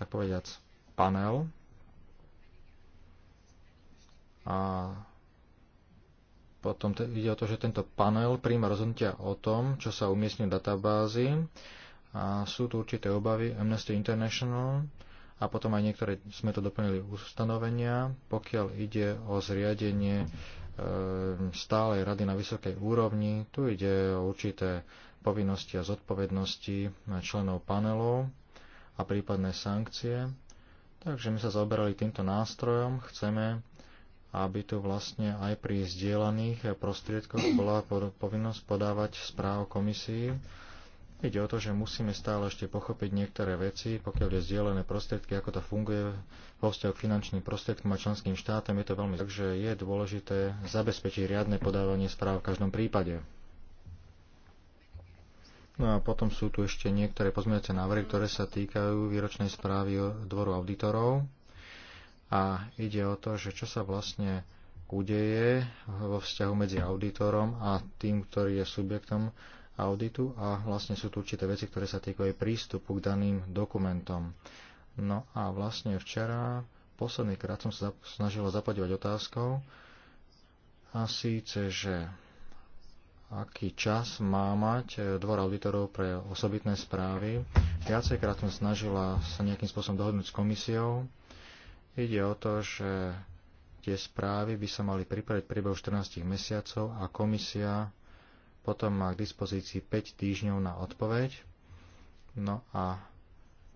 tak povediac, panel a potom ide o to, že tento panel príjma rozhodnutia o tom, čo sa umiestňuje v databázi a sú tu určité obavy Amnesty International a potom aj niektoré sme to doplnili ustanovenia, pokiaľ ide o zriadenie e, stálej rady na vysokej úrovni. Tu ide o určité povinnosti a zodpovednosti členov panelov a prípadné sankcie. Takže my sa zaoberali týmto nástrojom, chceme aby tu vlastne aj pri zdieľaných prostriedkoch bola povinnosť podávať správ komisii. Ide o to, že musíme stále ešte pochopiť niektoré veci, pokiaľ je zdieľané prostriedky, ako to funguje vo vzťahu k finančným prostriedkom a členským štátom. Je to veľmi takže je dôležité zabezpečiť riadne podávanie správ v každom prípade. No a potom sú tu ešte niektoré pozmeňujúce návrhy, ktoré sa týkajú výročnej správy dvoru auditorov a ide o to, že čo sa vlastne udeje vo vzťahu medzi auditorom a tým, ktorý je subjektom auditu a vlastne sú tu určité veci, ktoré sa týkajú prístupu k daným dokumentom. No a vlastne včera posledný krát som sa snažila zapadívať otázkou a síce, že aký čas má mať eh, dvor auditorov pre osobitné správy. Viacejkrát som snažila sa nejakým spôsobom dohodnúť s komisiou Ide o to, že tie správy by sa mali pripraviť priebehu 14 mesiacov a komisia potom má k dispozícii 5 týždňov na odpoveď. No a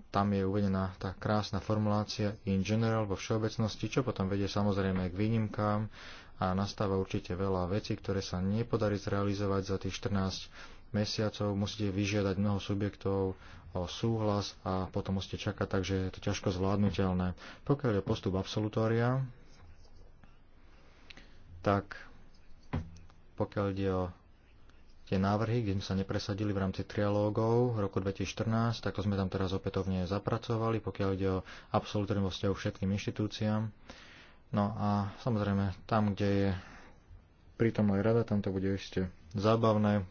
tam je uvedená tá krásna formulácia in general vo všeobecnosti, čo potom vedie samozrejme k výnimkám a nastáva určite veľa vecí, ktoré sa nepodarí zrealizovať za tých 14 mesiacov, musíte vyžiadať mnoho subjektov o súhlas a potom musíte čakať, takže je to ťažko zvládnutelné. Pokiaľ je postup absolutória, tak pokiaľ ide o tie návrhy, kde sme sa nepresadili v rámci trialógov v roku 2014, tak to sme tam teraz opätovne zapracovali, pokiaľ ide o absolútne vo vzťahu všetkým inštitúciám. No a samozrejme, tam, kde je pritom aj rada, tam to bude ešte zábavné,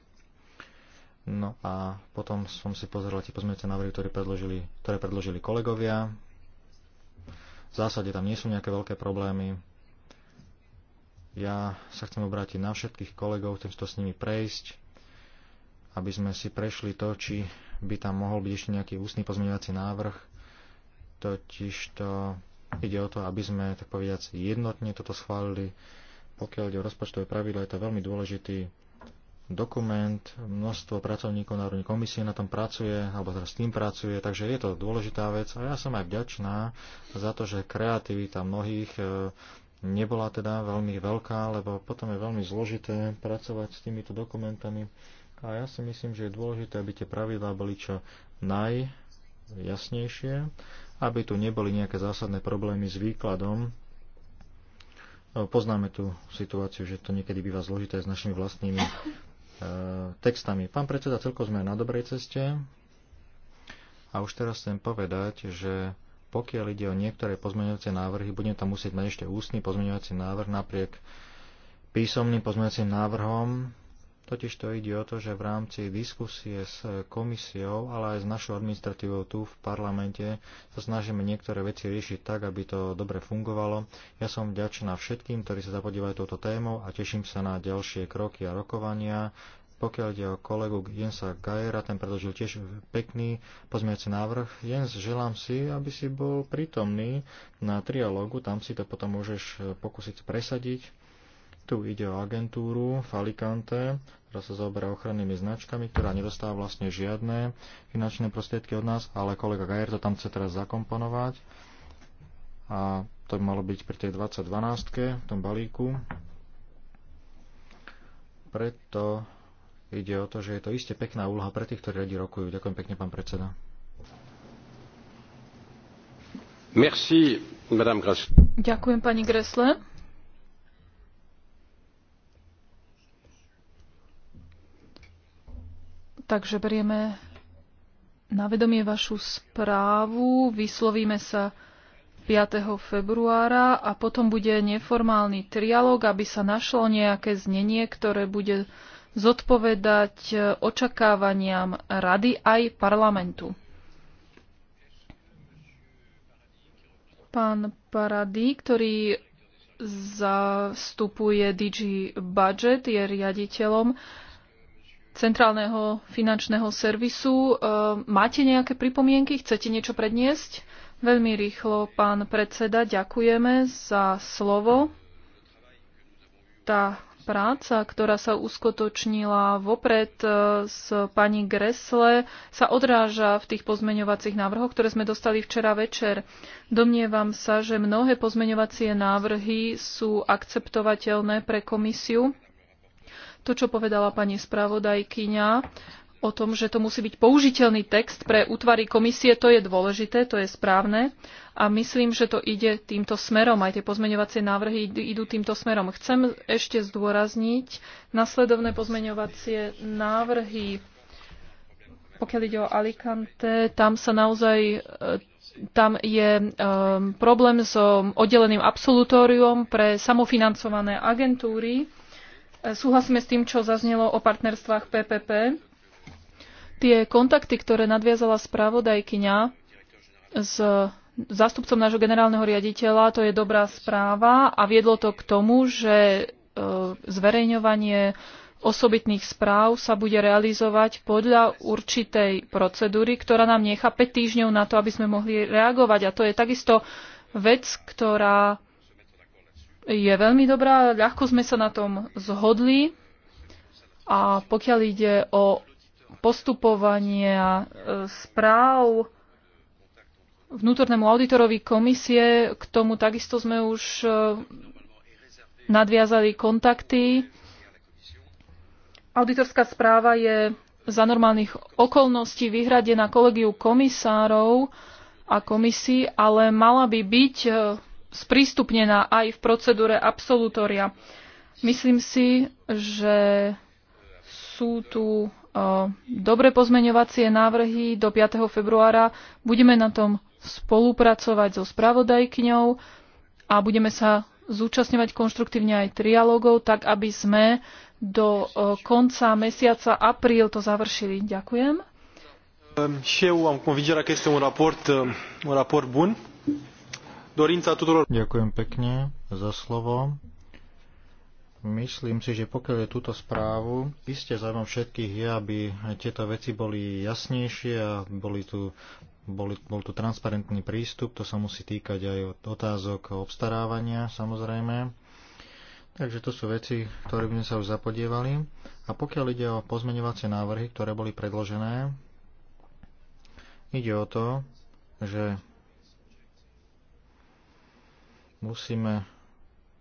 No a potom som si pozeral tie pozmeňujúce návrhy, ktoré predložili, ktoré predložili kolegovia. V zásade tam nie sú nejaké veľké problémy. Ja sa chcem obrátiť na všetkých kolegov, chcem to s nimi prejsť, aby sme si prešli to, či by tam mohol byť ešte nejaký ústny pozmeňovací návrh. Totiž to ide o to, aby sme, tak povediac, jednotne toto schválili. Pokiaľ ide o rozpočtové pravidlo, je to veľmi dôležitý dokument, množstvo pracovníkov Národnej komisie na tom pracuje, alebo teraz s tým pracuje, takže je to dôležitá vec a ja som aj vďačná za to, že kreativita mnohých e, nebola teda veľmi veľká, lebo potom je veľmi zložité pracovať s týmito dokumentami a ja si myslím, že je dôležité, aby tie pravidlá boli čo najjasnejšie, aby tu neboli nejaké zásadné problémy s výkladom e, Poznáme tú situáciu, že to niekedy býva zložité s našimi vlastnými E, textami. Pán predseda, celko sme na dobrej ceste a už teraz chcem povedať, že pokiaľ ide o niektoré pozmeňovacie návrhy, budem tam musieť mať ešte ústny pozmeňovací návrh napriek písomným pozmeňovacím návrhom, Totiž to ide o to, že v rámci diskusie s komisiou, ale aj s našou administratívou tu v parlamente sa snažíme niektoré veci riešiť tak, aby to dobre fungovalo. Ja som vďačná všetkým, ktorí sa zapodívajú touto témou a teším sa na ďalšie kroky a rokovania. Pokiaľ ide o kolegu Jensa Gajera, ten predložil tiež pekný pozmeňujúci návrh. Jens, želám si, aby si bol prítomný na trialógu, tam si to potom môžeš pokúsiť presadiť tu ide o agentúru falikante, ktorá sa zaoberá ochrannými značkami, ktorá nedostáva vlastne žiadne finančné prostriedky od nás, ale kolega Gajer to tam chce teraz zakomponovať. A to by malo byť pri tej 2012 v tom balíku. Preto ide o to, že je to iste pekná úloha pre tých, ktorí radi rokujú. Ďakujem pekne, pán predseda. Merci, Ďakujem, pani Gressle. Takže berieme na vedomie vašu správu, vyslovíme sa 5. februára a potom bude neformálny trialog, aby sa našlo nejaké znenie, ktoré bude zodpovedať očakávaniam rady aj parlamentu. Pán Paradí, ktorý zastupuje DG Budget, je riaditeľom centrálneho finančného servisu. E, máte nejaké pripomienky? Chcete niečo predniesť? Veľmi rýchlo, pán predseda, ďakujeme za slovo. Tá práca, ktorá sa uskutočnila vopred e, s pani Gresle, sa odráža v tých pozmeňovacích návrhoch, ktoré sme dostali včera večer. Domnievam sa, že mnohé pozmeňovacie návrhy sú akceptovateľné pre komisiu to, čo povedala pani spravodajkyňa o tom, že to musí byť použiteľný text pre útvary komisie, to je dôležité, to je správne a myslím, že to ide týmto smerom. Aj tie pozmeňovacie návrhy idú týmto smerom. Chcem ešte zdôrazniť nasledovné pozmeňovacie návrhy. Pokiaľ ide o Alicante, tam sa naozaj e, tam je um, problém s so oddeleným absolutóriom pre samofinancované agentúry Súhlasíme s tým, čo zaznelo o partnerstvách PPP. Tie kontakty, ktoré nadviazala spravodajkyňa s zástupcom nášho generálneho riaditeľa, to je dobrá správa a viedlo to k tomu, že e, zverejňovanie osobitných správ sa bude realizovať podľa určitej procedúry, ktorá nám nechá 5 týždňov na to, aby sme mohli reagovať. A to je takisto vec, ktorá je veľmi dobrá, ľahko sme sa na tom zhodli a pokiaľ ide o postupovanie e, správ vnútornému auditorovi komisie, k tomu takisto sme už e, nadviazali kontakty. Auditorská správa je za normálnych okolností vyhradená kolegiu komisárov a komisí, ale mala by byť e, sprístupnená aj v procedúre absolutória. Myslím si, že sú tu e, dobre pozmeňovacie návrhy do 5. februára. Budeme na tom spolupracovať so spravodajkňou a budeme sa zúčastňovať konštruktívne aj trialogov, tak aby sme do e, konca mesiaca apríl to završili. Ďakujem. Și eu am convingerea că este un raport, e, un raport bun dorinca tuturor. Ďakujem pekne za slovo. Myslím si, že pokiaľ je túto správu, iste zájmom všetkých je, aby tieto veci boli jasnejšie a boli tu, boli, bol tu transparentný prístup. To sa musí týkať aj otázok obstarávania, samozrejme. Takže to sú veci, ktoré by sme sa už zapodievali. A pokiaľ ide o pozmeňovacie návrhy, ktoré boli predložené, ide o to, že musíme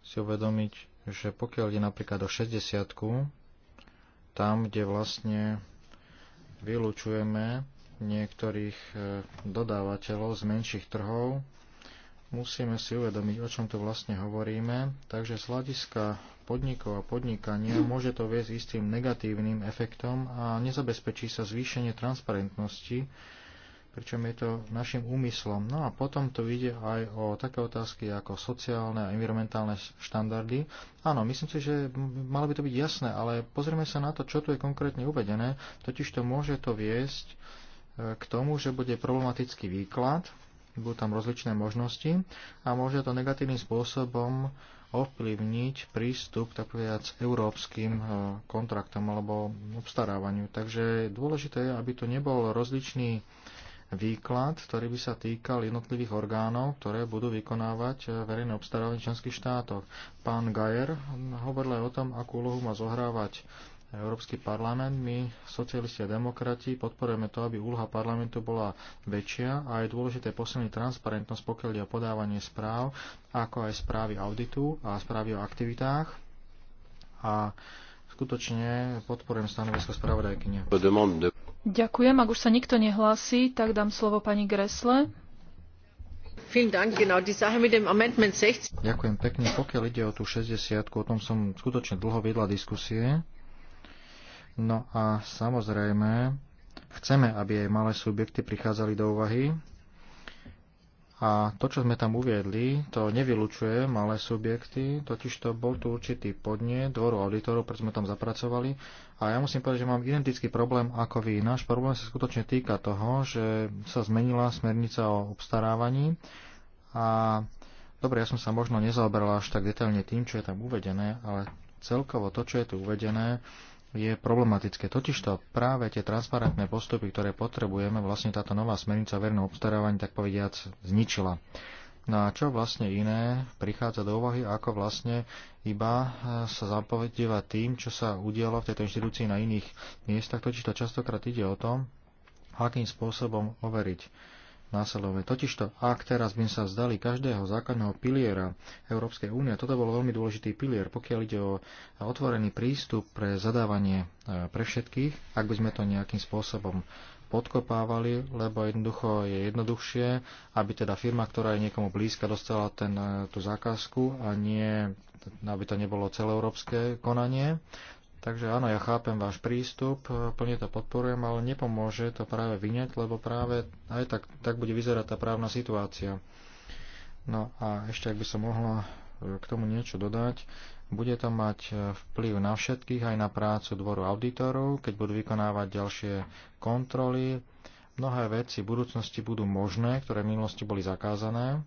si uvedomiť, že pokiaľ ide napríklad do 60 tam, kde vlastne vylúčujeme niektorých e, dodávateľov z menších trhov, musíme si uvedomiť, o čom tu vlastne hovoríme. Takže z hľadiska podnikov a podnikania môže to viesť istým negatívnym efektom a nezabezpečí sa zvýšenie transparentnosti pričom je to našim úmyslom. No a potom to ide aj o také otázky ako sociálne a environmentálne štandardy. Áno, myslím si, že malo by to byť jasné, ale pozrieme sa na to, čo tu je konkrétne uvedené, totiž to môže to viesť e, k tomu, že bude problematický výklad, budú tam rozličné možnosti a môže to negatívnym spôsobom ovplyvniť prístup tak povedať, európskym e, kontraktom alebo obstarávaniu. Takže dôležité je, aby to nebol rozličný výklad, ktorý by sa týkal jednotlivých orgánov, ktoré budú vykonávať e, verejné obstarávanie v členských štátoch. Pán Gajer hovoril aj o tom, akú úlohu má zohrávať Európsky parlament. My, socialisti a demokrati, podporujeme to, aby úloha parlamentu bola väčšia a je dôležité posilniť transparentnosť, pokiaľ ide o podávanie správ, ako aj správy auditu a správy o aktivitách. A skutočne podporujem stanovisko spravodajkyne. Ďakujem. Ak už sa nikto nehlási, tak dám slovo pani Gresle. Ďakujem pekne. Pokiaľ ide o tú 60, o tom som skutočne dlho vedla diskusie. No a samozrejme, chceme, aby aj malé subjekty prichádzali do úvahy, a to, čo sme tam uviedli, to nevylučuje malé subjekty, totiž to bol tu určitý podnie dvoru auditorov, preto sme tam zapracovali. A ja musím povedať, že mám identický problém ako vy. Náš problém sa skutočne týka toho, že sa zmenila smernica o obstarávaní. A dobre, ja som sa možno nezaoberal až tak detailne tým, čo je tam uvedené, ale celkovo to, čo je tu uvedené, je problematické. Totižto práve tie transparentné postupy, ktoré potrebujeme, vlastne táto nová smernica o vernom obstarávaní, tak povediac, zničila. No a čo vlastne iné prichádza do úvahy, ako vlastne iba eh, sa zapovedieva tým, čo sa udialo v tejto inštitúcii na iných miestach, totiž to častokrát ide o tom, akým spôsobom overiť následovne. Totižto, ak teraz by sa vzdali každého základného piliera Európskej únie, toto bol veľmi dôležitý pilier, pokiaľ ide o otvorený prístup pre zadávanie e, pre všetkých, ak by sme to nejakým spôsobom podkopávali, lebo jednoducho je jednoduchšie, aby teda firma, ktorá je niekomu blízka, dostala ten, e, tú zákazku a nie, aby to nebolo celoeurópske konanie. Takže áno, ja chápem váš prístup, e, plne to podporujem, ale nepomôže to práve vyňať, lebo práve aj tak, tak bude vyzerať tá právna situácia. No a ešte, ak by som mohla e, k tomu niečo dodať, bude to mať e, vplyv na všetkých, aj na prácu dvoru auditorov, keď budú vykonávať ďalšie kontroly. Mnohé veci v budúcnosti budú možné, ktoré v minulosti boli zakázané.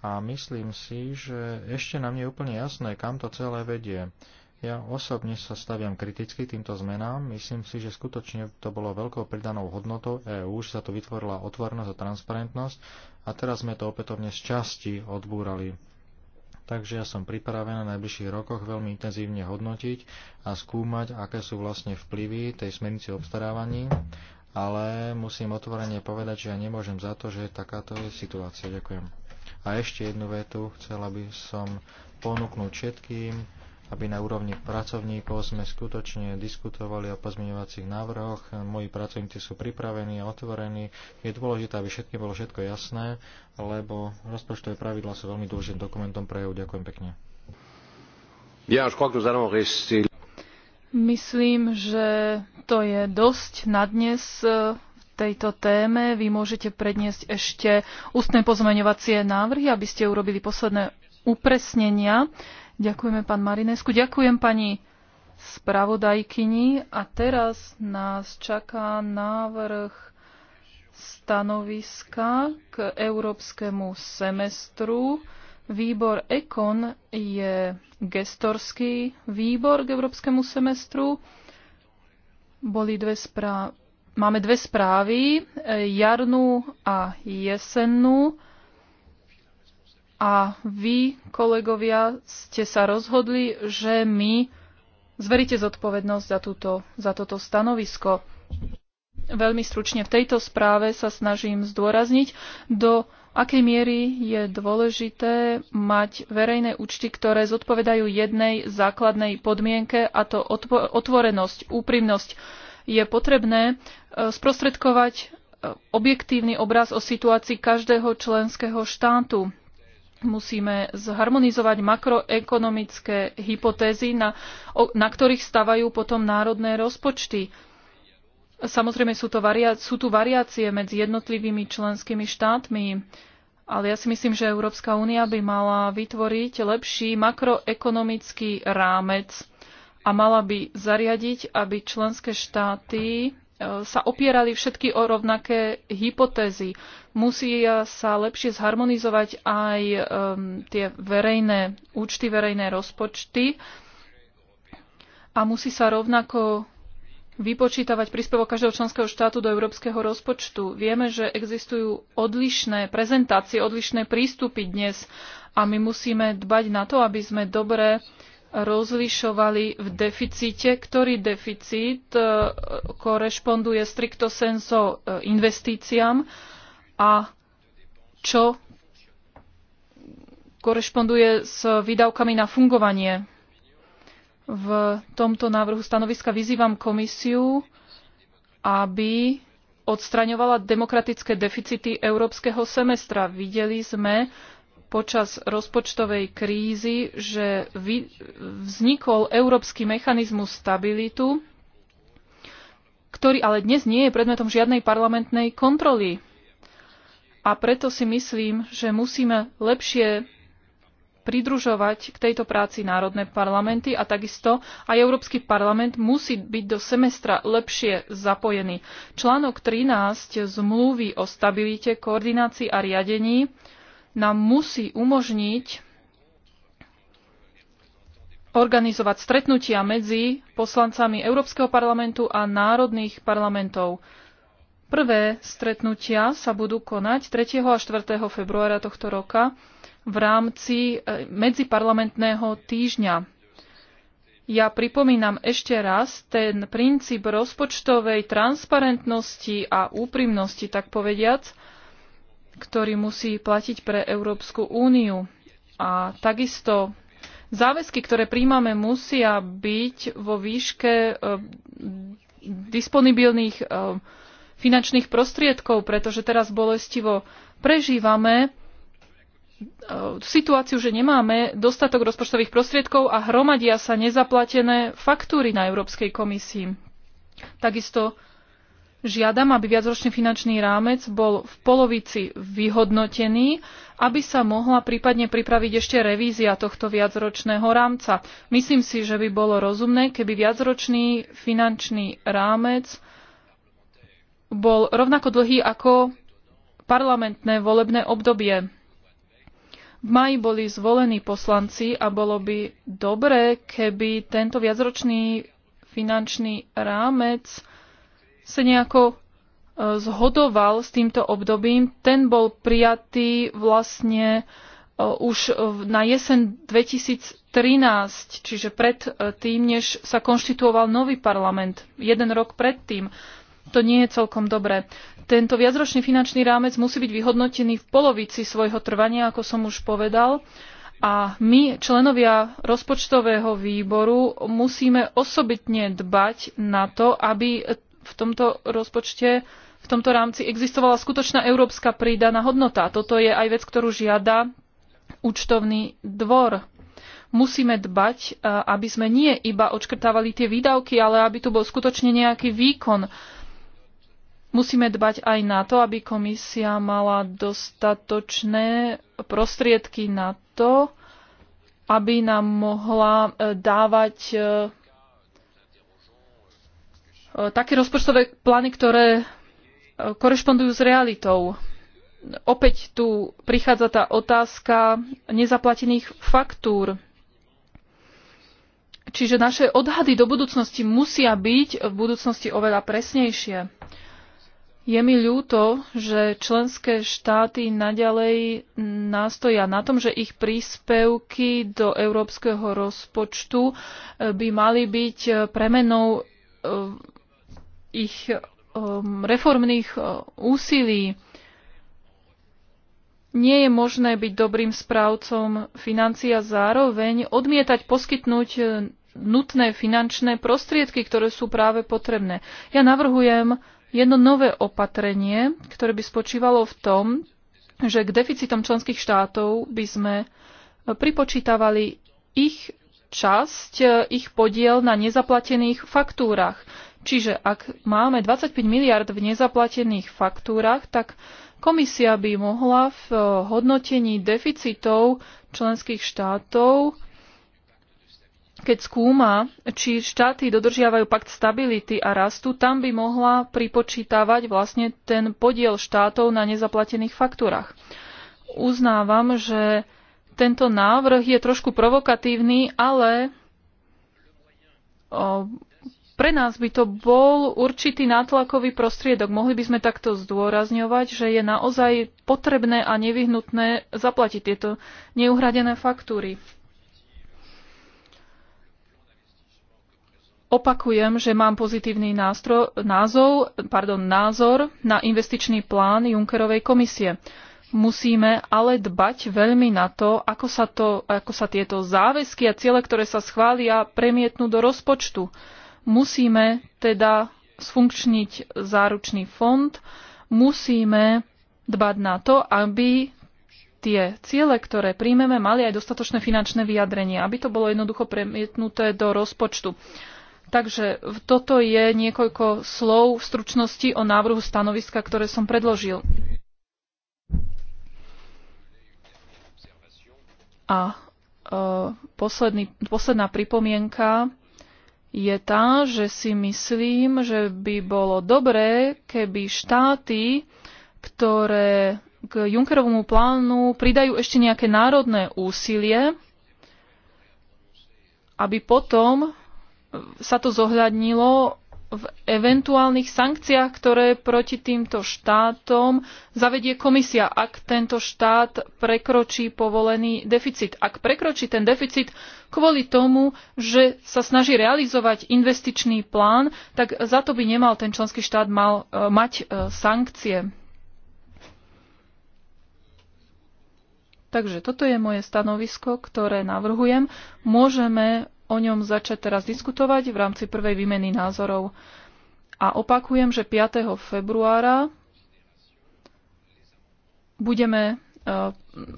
A myslím si, že ešte nám nie je úplne jasné, kam to celé vedie. Ja osobne sa staviam kriticky týmto zmenám. Myslím si, že skutočne to bolo veľkou pridanou hodnotou EÚ, že sa tu vytvorila otvornosť a transparentnosť a teraz sme to opätovne z časti odbúrali. Takže ja som pripravená na najbližších rokoch veľmi intenzívne hodnotiť a skúmať, aké sú vlastne vplyvy tej smernice obstarávaní, ale musím otvorene povedať, že ja nemôžem za to, že takáto je situácia. Ďakujem. A ešte jednu vetu chcela by som ponúknuť všetkým aby na úrovni pracovníkov sme skutočne diskutovali o pozmeňovacích návrhoch. Moji pracovníci sú pripravení a otvorení. Je dôležité, aby všetky bolo všetko jasné, lebo rozpočtové pravidla sú veľmi dôležitým dokumentom pre EU. Ďakujem pekne. Myslím, že to je dosť na dnes eh, v tejto téme. Vy môžete predniesť ešte ústne pozmeňovacie návrhy, aby ste urobili posledné upresnenia. Ďakujeme, pán Marinesku. Ďakujem, pani spravodajkyni. A teraz nás čaká návrh stanoviska k európskemu semestru. Výbor EKON je gestorský výbor k európskemu semestru. Boli dve správy. Máme dve správy, jarnú a jesennú. A vy, kolegovia, ste sa rozhodli, že my zveríte zodpovednosť za, túto, za toto stanovisko. Veľmi stručne v tejto správe sa snažím zdôrazniť, do akej miery je dôležité mať verejné účty, ktoré zodpovedajú jednej základnej podmienke, a to otvorenosť, úprimnosť. Je potrebné e, sprostredkovať e, objektívny obraz o situácii každého členského štátu musíme zharmonizovať makroekonomické hypotézy, na, na ktorých stavajú potom národné rozpočty. Samozrejme sú, to varia- sú tu variácie medzi jednotlivými členskými štátmi, ale ja si myslím, že Európska únia by mala vytvoriť lepší makroekonomický rámec a mala by zariadiť, aby členské štáty e, sa opierali všetky o rovnaké hypotézy. Musia eh, sa lepšie zharmonizovať aj um, tie verejné účty, verejné rozpočty a musí sa rovnako vypočítavať príspevok každého členského štátu do európskeho rozpočtu. Vieme, že existujú odlišné prezentácie, odlišné prístupy dnes a my musíme dbať na to, aby sme dobre rozlišovali v deficite, ktorý deficit eh, korešponduje stricto senso eh, investíciám a čo korešponduje s výdavkami na fungovanie. V tomto návrhu stanoviska vyzývam komisiu, aby odstraňovala demokratické deficity európskeho semestra. Videli sme počas rozpočtovej krízy, že vznikol európsky mechanizmus stabilitu, ktorý ale dnes nie je predmetom žiadnej parlamentnej kontroly. A preto si myslím, že musíme lepšie pridružovať k tejto práci národné parlamenty a takisto aj Európsky parlament musí byť do semestra lepšie zapojený. Článok 13 zmluvy o stabilite, koordinácii a riadení nám musí umožniť organizovať stretnutia medzi poslancami Európskeho parlamentu a národných parlamentov. Prvé stretnutia sa budú konať 3. a 4. februára tohto roka v rámci e, medziparlamentného týždňa. Ja pripomínam ešte raz ten princíp rozpočtovej transparentnosti a úprimnosti, tak povediac, ktorý musí platiť pre Európsku úniu. A takisto záväzky, ktoré príjmame, musia byť vo výške e, disponibilných e, finančných prostriedkov, pretože teraz bolestivo prežívame e, situáciu, že nemáme dostatok rozpočtových prostriedkov a hromadia sa nezaplatené faktúry na Európskej komisii. Takisto žiadam, aby viacročný finančný rámec bol v polovici vyhodnotený, aby sa mohla prípadne pripraviť ešte revízia tohto viacročného rámca. Myslím si, že by bolo rozumné, keby viacročný finančný rámec bol rovnako dlhý ako parlamentné volebné obdobie. V maji boli zvolení poslanci a bolo by dobré, keby tento viacročný finančný rámec sa nejako e, zhodoval s týmto obdobím. Ten bol prijatý vlastne e, už na jesen 2013, čiže pred e, tým, než sa konštituoval nový parlament, jeden rok predtým. To nie je celkom dobré. Tento viacročný finančný rámec musí byť vyhodnotený v polovici svojho trvania, ako som už povedal. A my, členovia rozpočtového výboru, musíme osobitne dbať na to, aby v tomto rozpočte, v tomto rámci existovala skutočná európska prídaná hodnota. Toto je aj vec, ktorú žiada účtovný dvor. Musíme dbať, eh, aby sme nie iba odškrtávali tie výdavky, ale aby tu bol skutočne nejaký výkon Musíme dbať aj na to, aby komisia mala dostatočné prostriedky na to, aby nám mohla e, dávať e, e, také rozpočtové plány, ktoré korešpondujú s realitou. Opäť tu prichádza tá otázka nezaplatených faktúr. Čiže naše odhady do budúcnosti musia byť v budúcnosti oveľa presnejšie. Je mi ľúto, že členské štáty naďalej nástoja na tom, že ich príspevky do európskeho rozpočtu e, by mali byť premenou e, ich e, reformných úsilí. Nie je možné byť dobrým správcom financií a zároveň odmietať poskytnúť nutné finančné prostriedky, ktoré sú práve potrebné. Ja navrhujem jedno nové opatrenie, ktoré by spočívalo v tom, že k deficitom členských štátov by sme e, pripočítavali ich časť, e, ich podiel na nezaplatených faktúrach. Čiže ak máme 25 miliard v nezaplatených faktúrach, tak komisia by mohla v e, hodnotení deficitov členských štátov keď skúma, či štáty dodržiavajú pakt stability a rastu, tam by mohla pripočítavať vlastne ten podiel štátov na nezaplatených faktúrach. Uznávam, že tento návrh je trošku provokatívny, ale pre nás by to bol určitý nátlakový prostriedok. Mohli by sme takto zdôrazňovať, že je naozaj potrebné a nevyhnutné zaplatiť tieto neuhradené faktúry. Opakujem, že mám pozitívny nástro, názov, pardon, názor na investičný plán Junckerovej komisie. Musíme ale dbať veľmi na to ako, sa to, ako sa tieto záväzky a ciele, ktoré sa schvália, premietnú do rozpočtu. Musíme teda sfunkčniť záručný fond, musíme dbať na to, aby tie ciele, ktoré príjmeme, mali aj dostatočné finančné vyjadrenie, aby to bolo jednoducho premietnuté do rozpočtu. Takže toto je niekoľko slov v stručnosti o návrhu stanoviska, ktoré som predložil. A uh, posledný, posledná pripomienka je tá, že si myslím, že by bolo dobré, keby štáty, ktoré k Junckerovmu plánu pridajú ešte nejaké národné úsilie, aby potom sa to zohľadnilo v eventuálnych sankciách, ktoré proti týmto štátom zavedie komisia, ak tento štát prekročí povolený deficit. Ak prekročí ten deficit kvôli tomu, že sa snaží realizovať investičný plán, tak za to by nemal ten členský štát mal, e, mať e, sankcie. Takže toto je moje stanovisko, ktoré navrhujem. Môžeme o ňom začať teraz diskutovať v rámci prvej výmeny názorov. A opakujem, že 5. februára budeme, e,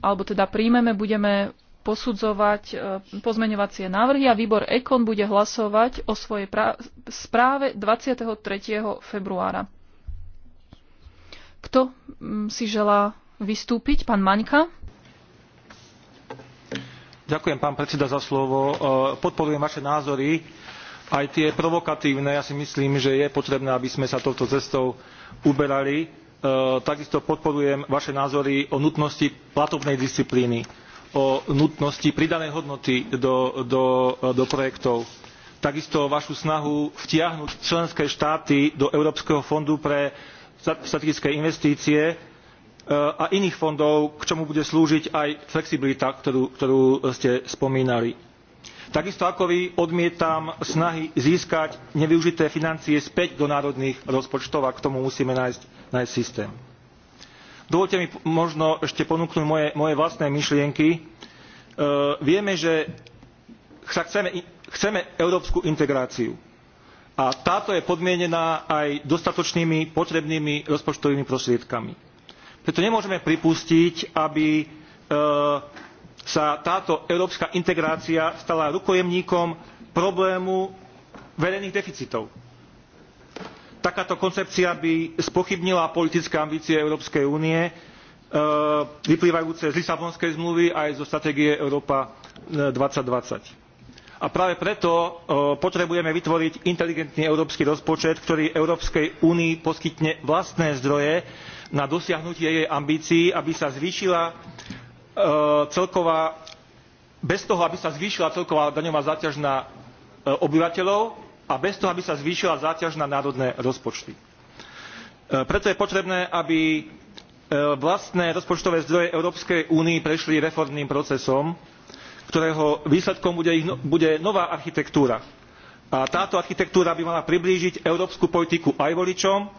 alebo teda príjmeme, budeme posudzovať e, pozmeňovacie návrhy a výbor EKON bude hlasovať o svojej správe 23. februára. Kto mm, si želá vystúpiť? Pán Maňka? Ďakujem, pán predseda, za slovo. E, podporujem vaše názory, aj tie provokatívne. Ja si myslím, že je potrebné, aby sme sa touto cestou uberali. E, takisto podporujem vaše názory o nutnosti platobnej disciplíny, o nutnosti pridanej hodnoty do, do, do projektov takisto vašu snahu vtiahnuť členské štáty do Európskeho fondu pre strategické investície Eh, a iných fondov, k čomu bude slúžiť aj flexibilita, ktorú, ktorú ste spomínali. Takisto ako vy odmietam snahy získať nevyužité financie späť do národných rozpočtov a k tomu musíme nájsť, nájsť systém. Dovolte mi možno ešte ponúknuť moje, moje vlastné myšlienky. E, vieme, že chceme, chceme európsku integráciu. A táto je podmienená aj dostatočnými potrebnými rozpočtovými prostriedkami preto nemôžeme pripustiť aby e, sa táto európska integrácia stala rukojemníkom problému verejných deficitov. takáto koncepcia by spochybnila politické ambície európskej únie e, vyplývajúce z lisabonskej zmluvy aj zo stratégie európa. two thousand and twenty a práve preto e, potrebujeme vytvoriť inteligentný európsky rozpočet ktorý európskej únii poskytne vlastné zdroje na dosiahnutie jej ambícií, aby sa zvýšila e, celková bez toho, aby sa zvýšila celková daňová záťaž na e, obyvateľov a bez toho, aby sa zvýšila záťaž na národné rozpočty. E, preto je potrebné, aby vlastné rozpočtové zdroje Európskej únii prešli reformným procesom, ktorého výsledkom bude, no, bude nová architektúra. A táto architektúra by mala priblížiť európsku politiku aj voličom,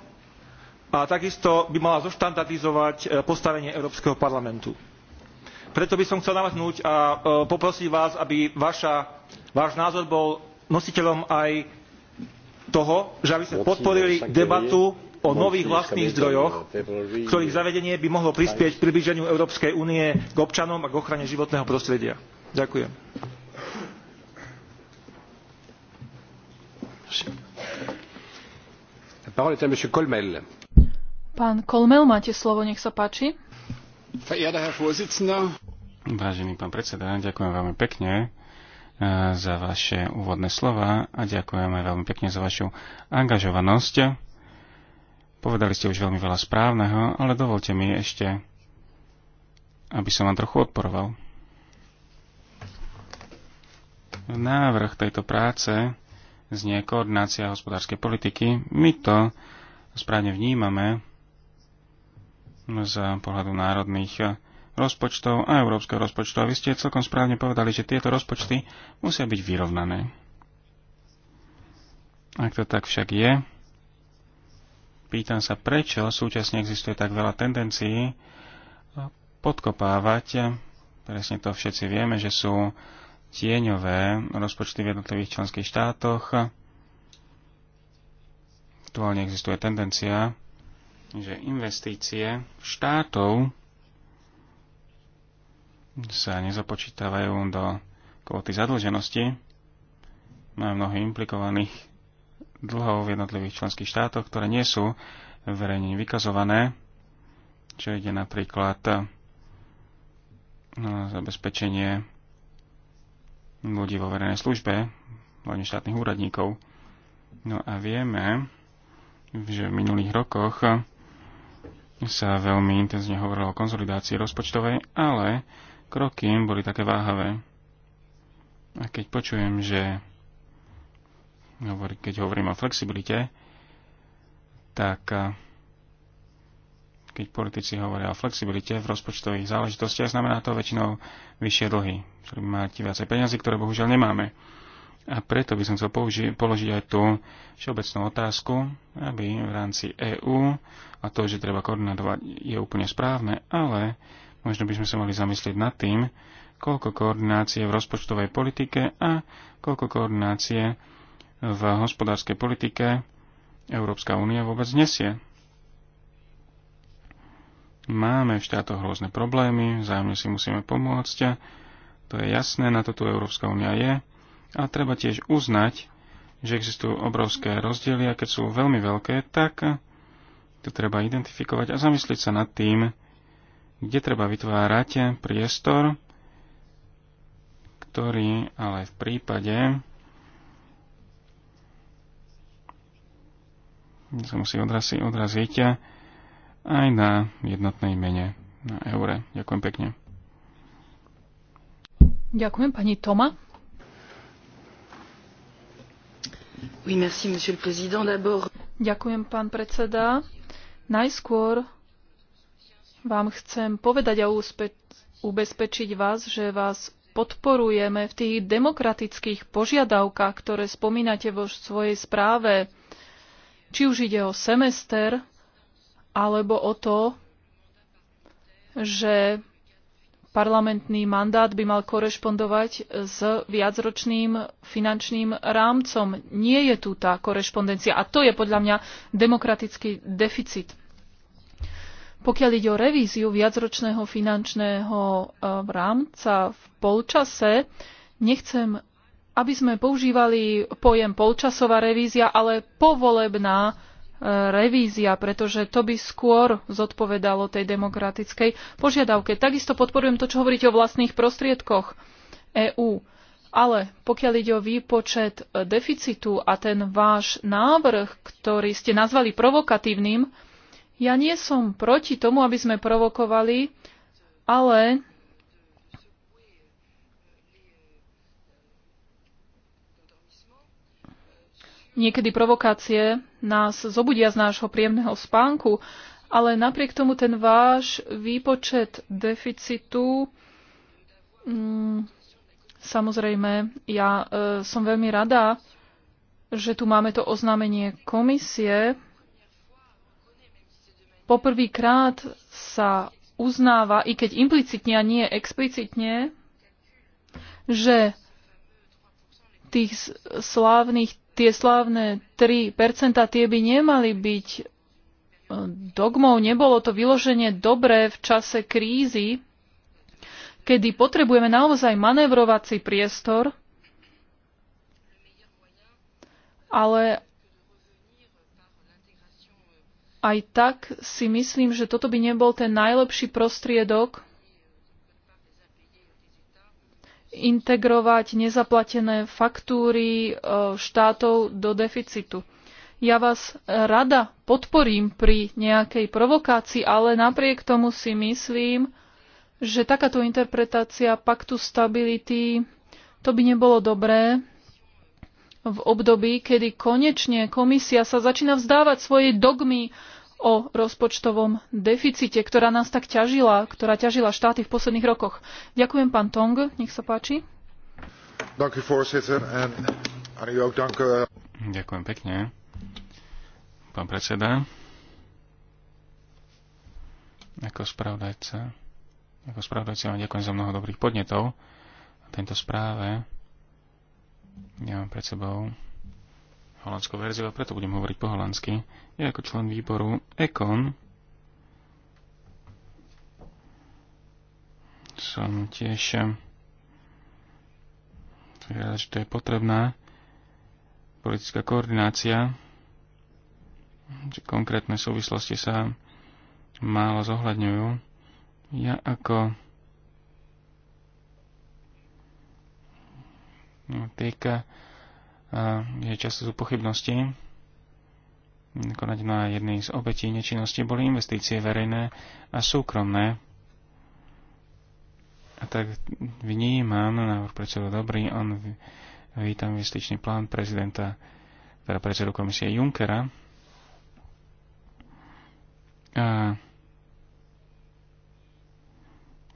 a takisto by mala zoštandardizovať e, postavenie Európskeho parlamentu. Preto by som chcel navrhnúť a e, poprosiť vás, aby váš názor bol nositeľom aj toho, že aby sme podporili debatu o nových vlastných zdrojoch, ktorých zavedenie by mohlo prispieť k priblíženiu Európskej únie k občanom a k ochrane životného prostredia. Ďakujem. Pán Kolmel, máte slovo, nech sa páči. Vážený pán predseda, ďakujem veľmi pekne eh, za vaše úvodné slova a ďakujeme veľmi pekne za vašu angažovanosť. Povedali ste už veľmi veľa správneho, ale dovolte mi ešte, aby som vám trochu odporoval. Návrh tejto práce znie koordinácia hospodárskej politiky. My to správne vnímame z pohľadu národných rozpočtov a európskeho rozpočtu. A vy ste celkom správne povedali, že tieto rozpočty musia byť vyrovnané. Ak to tak však je, pýtam sa, prečo súčasne existuje tak veľa tendencií podkopávať, presne to všetci vieme, že sú tieňové rozpočty v jednotlivých členských štátoch. Aktuálne existuje tendencia že investície štátov sa nezapočítavajú do kvóty zadlženosti. Máme no mnoho implikovaných dlhov v jednotlivých členských štátoch, ktoré nie sú verejne vykazované, čo ide napríklad na zabezpečenie ľudí vo verejnej službe, hlavne štátnych úradníkov. No a vieme, že v minulých rokoch sa veľmi intenzívne hovorilo o konsolidácii rozpočtovej, ale kroky boli také váhavé. A keď počujem, že keď hovorím o flexibilite, tak keď politici hovoria o flexibilite v rozpočtových záležitostiach, znamená to väčšinou vyššie dlhy. Čiže by mať viacej peniazy, ktoré bohužiaľ nemáme. A preto by som chcel použi- položiť aj tú všeobecnú otázku, aby v rámci EÚ, a to, že treba koordinovať, je úplne správne, ale možno by sme sa mali zamyslieť nad tým, koľko koordinácie v rozpočtovej politike a koľko koordinácie v hospodárskej politike Európska únia vôbec nesie. Máme v štátoch rôzne problémy, vzájomne si musíme pomôcť, to je jasné, na to tu Európska únia je a treba tiež uznať, že existujú obrovské rozdiely a keď sú veľmi veľké, tak to treba identifikovať a zamyslieť sa nad tým, kde treba vytvárať priestor, ktorý ale v prípade sa musí odrazi, odraziť aj na jednotnej mene, na eure. Ďakujem pekne. Ďakujem pani Toma. Ďakujem, pán predseda. Najskôr vám chcem povedať a ubezpečiť vás, že vás podporujeme v tých demokratických požiadavkách, ktoré spomínate vo svojej správe. Či už ide o semester, alebo o to, že parlamentný mandát by mal korešpondovať s viacročným finančným rámcom. Nie je tu tá korešpondencia a to je podľa mňa demokratický deficit. Pokiaľ ide o revíziu viacročného finančného e, rámca v polčase, nechcem, aby sme používali pojem polčasová revízia, ale povolebná revízia, pretože to by skôr zodpovedalo tej demokratickej požiadavke. Takisto podporujem to, čo hovoríte o vlastných prostriedkoch EÚ. Ale pokiaľ ide o výpočet e, deficitu a ten váš návrh, ktorý ste nazvali provokatívnym, ja nie som proti tomu, aby sme provokovali, ale Niekedy provokácie nás zobudia z nášho príjemného spánku, ale napriek tomu ten váš výpočet deficitu, mm, samozrejme, ja e, som veľmi rada, že tu máme to oznámenie komisie. Poprvýkrát sa uznáva, i keď implicitne a nie explicitne, že tých slávnych tie slávne 3%, tie by nemali byť e, dogmou. Nebolo to vyloženie dobré v čase krízy, kedy potrebujeme naozaj manevrovací priestor, ale aj tak si myslím, že toto by nebol ten najlepší prostriedok, integrovať nezaplatené faktúry e, štátov do deficitu. Ja vás rada podporím pri nejakej provokácii, ale napriek tomu si myslím, že takáto interpretácia paktu stability to by nebolo dobré v období, kedy konečne komisia sa začína vzdávať svojej dogmy o rozpočtovom deficite, ktorá nás tak ťažila, ktorá ťažila štáty v posledných rokoch. Ďakujem, pán Tong, nech sa páči. Ďakujem pekne, pán predseda. Ako spravodajca, ako spravodajca vám ďakujem za mnoho dobrých podnetov. Tento správe ja mám pred sebou holandskou verziu a preto budem hovoriť po holandsky. Ja ako člen výboru EKON som tiež eh, že to je potrebná politická koordinácia, že konkrétne súvislosti sa málo zohľadňujú. Ja ako týka je často sú pochybnosti. Konať na jednej z obetí nečinnosti boli investície verejné a súkromné. A tak vnímam návrh predsedu Dobrý, on vítam investičný plán prezidenta, teda predsedu komisie Junckera. A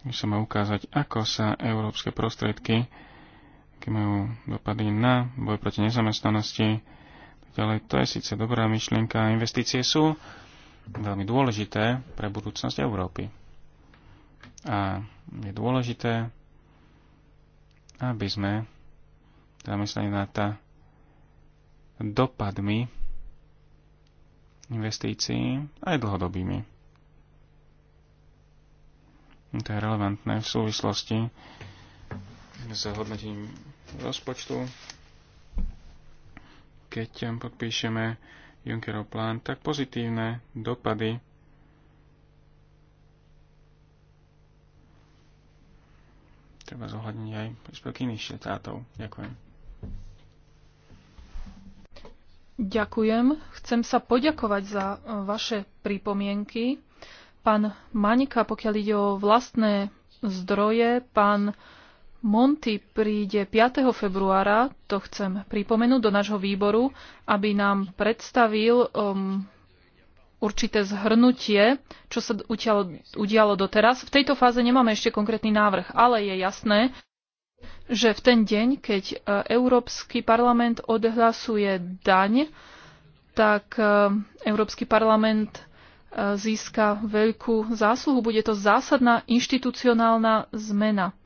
musíme ukázať, ako sa európske prostriedky aké majú dopady na boj proti nezamestnanosti. Ďalej, to je síce dobrá myšlienka. Investície sú veľmi dôležité pre budúcnosť Európy. A je dôležité, aby sme zamysleli na tá dopadmi investícií aj dlhodobými to je relevantné v súvislosti s hodnotením rozpočtu. Keď podpíšeme Junckerov plán, tak pozitívne dopady treba zohľadniť aj príspevky iných štátov. Ďakujem. Ďakujem. Chcem sa poďakovať za eh, vaše pripomienky. Pán Manika, pokiaľ ide o vlastné zdroje, pán Monty príde 5. februára, to chcem pripomenúť, do nášho výboru, aby nám predstavil um, určité zhrnutie, čo sa udialo, udialo doteraz. V tejto fáze nemáme ešte konkrétny návrh, ale je jasné, že v ten deň, keď e, Európsky parlament odhlasuje daň, tak e, Európsky parlament e, získa veľkú zásluhu. Bude to zásadná inštitucionálna zmena.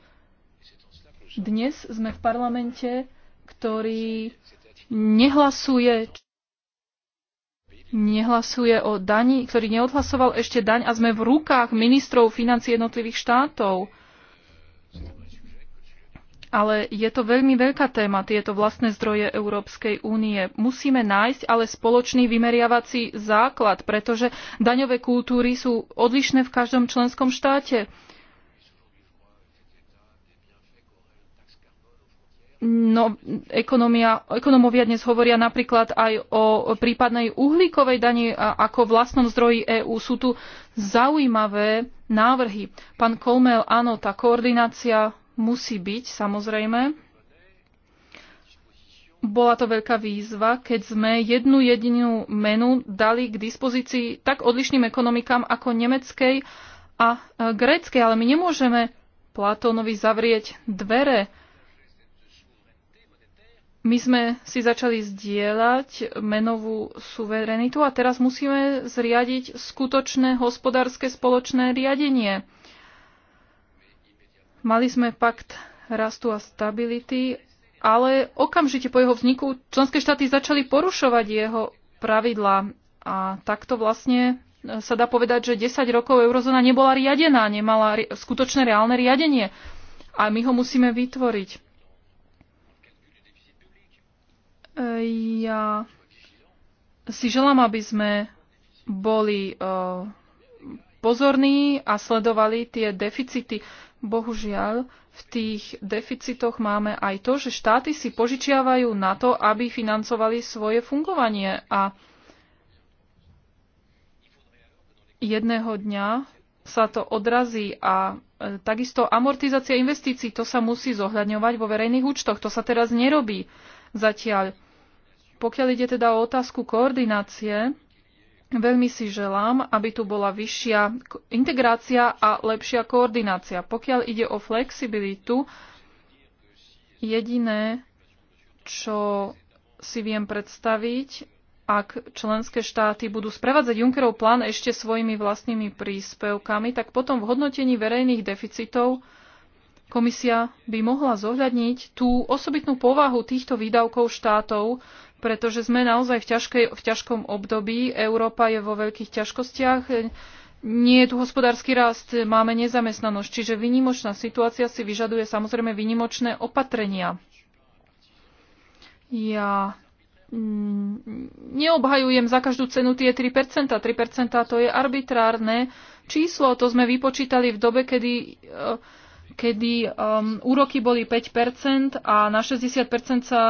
Dnes sme v parlamente, ktorý nehlasuje nehlasuje o dani, ktorý neodhlasoval ešte daň a sme v rukách ministrov financí jednotlivých štátov. Ale je to veľmi veľká téma, tieto vlastné zdroje Európskej únie. Musíme nájsť ale spoločný vymeriavací základ, pretože daňové kultúry sú odlišné v každom členskom štáte. No, ekonomia, ekonomovia dnes hovoria napríklad aj o prípadnej uhlíkovej dani ako vlastnom zdroji EÚ. Sú tu zaujímavé návrhy. Pán Kolmel, áno, tá koordinácia musí byť, samozrejme. Bola to veľká výzva, keď sme jednu jedinú menu dali k dispozícii tak odlišným ekonomikám ako nemeckej a gréckej, ale my nemôžeme Platónovi zavrieť dvere my sme si začali zdieľať menovú suverenitu a teraz musíme zriadiť skutočné hospodárske spoločné riadenie. Mali sme pakt rastu a stability, ale okamžite po jeho vzniku členské štáty začali porušovať jeho pravidlá. A takto vlastne e, sa dá povedať, že 10 rokov eurozóna nebola riadená, nemala skutočné reálne riadenie. A my ho musíme vytvoriť. Ja si želám, aby sme boli e, pozorní a sledovali tie deficity. Bohužiaľ, v tých deficitoch máme aj to, že štáty si požičiavajú na to, aby financovali svoje fungovanie a jedného dňa sa to odrazí a e, takisto amortizácia investícií, to sa musí zohľadňovať vo verejných účtoch. To sa teraz nerobí zatiaľ. Pokiaľ ide teda o otázku koordinácie, Veľmi si želám, aby tu bola vyššia integrácia a lepšia koordinácia. Pokiaľ ide o flexibilitu, jediné, čo si viem predstaviť, ak členské štáty budú sprevádzať Junckerov plán ešte svojimi vlastnými príspevkami, tak potom v hodnotení verejných deficitov Komisia by mohla zohľadniť tú osobitnú povahu týchto výdavkov štátov, pretože sme naozaj v, ťažkej, v ťažkom období. Európa je vo veľkých ťažkostiach. Nie je tu hospodársky rast, máme nezamestnanosť, čiže výnimočná situácia si vyžaduje samozrejme výnimočné opatrenia. Ja mm, neobhajujem za každú cenu tie 3%. 3% to je arbitrárne číslo, to sme vypočítali v dobe, kedy e, kedy um, úroky boli 5% a na 60% sa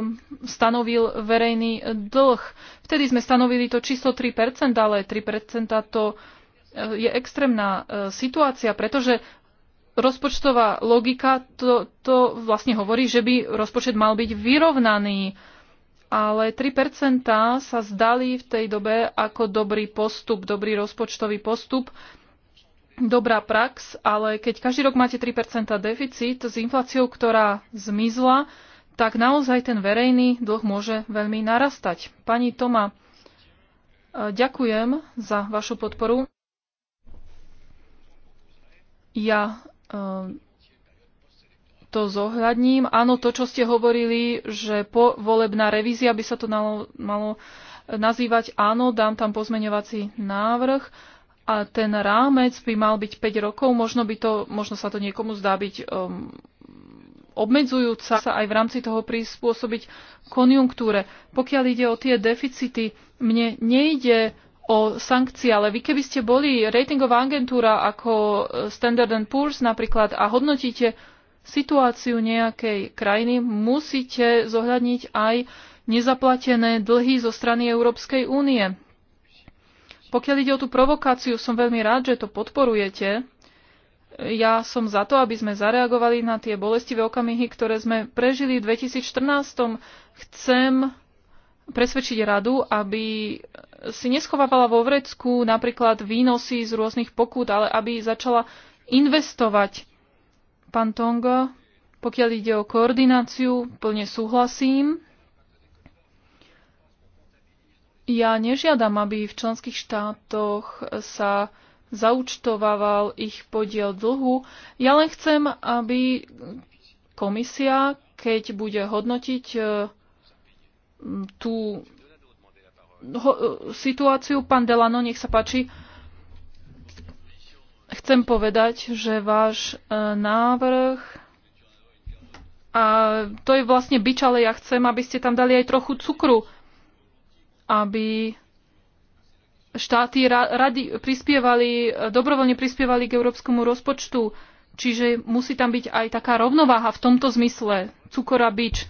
um, stanovil verejný dlh. Vtedy sme stanovili to číslo 3%, ale 3% to uh, je extrémna uh, situácia, pretože rozpočtová logika to, to vlastne hovorí, že by rozpočet mal byť vyrovnaný, ale 3% sa zdali v tej dobe ako dobrý postup, dobrý rozpočtový postup dobrá prax, ale keď každý rok máte 3% deficit s infláciou, ktorá zmizla, tak naozaj ten verejný dlh môže veľmi narastať. Pani Toma, e, ďakujem za vašu podporu. Ja e, to zohľadním. Áno, to, čo ste hovorili, že povolebná revízia by sa to malo, malo nazývať, áno, dám tam pozmeňovací návrh. A ten rámec by mal byť 5 rokov, možno, by to, možno sa to niekomu zdá byť um, obmedzujúca sa aj v rámci toho prispôsobiť konjunktúre. Pokiaľ ide o tie deficity, mne nejde o sankcie, ale vy keby ste boli ratingová agentúra ako e, Standard Poor's napríklad a hodnotíte situáciu nejakej krajiny, musíte zohľadniť aj nezaplatené dlhy zo strany Európskej únie. Pokiaľ ide o tú provokáciu, som veľmi rád, že to podporujete. Ja som za to, aby sme zareagovali na tie bolestivé okamihy, ktoré sme prežili v 2014. Chcem presvedčiť radu, aby si neschovávala vo vrecku napríklad výnosy z rôznych pokút, ale aby začala investovať. Pán Tongo, pokiaľ ide o koordináciu, plne súhlasím. Ja nežiadam, aby v členských štátoch sa zaučtovával ich podiel dlhu. Ja len chcem, aby komisia, keď bude hodnotiť e, tú e, situáciu, pán Delano, nech sa páči, chcem povedať, že váš e, návrh a to je vlastne byč, ale ja chcem, aby ste tam dali aj trochu cukru aby štáty radi prispievali, dobrovoľne prispievali k európskemu rozpočtu. Čiže musí tam byť aj taká rovnováha v tomto zmysle. Cukor a bič.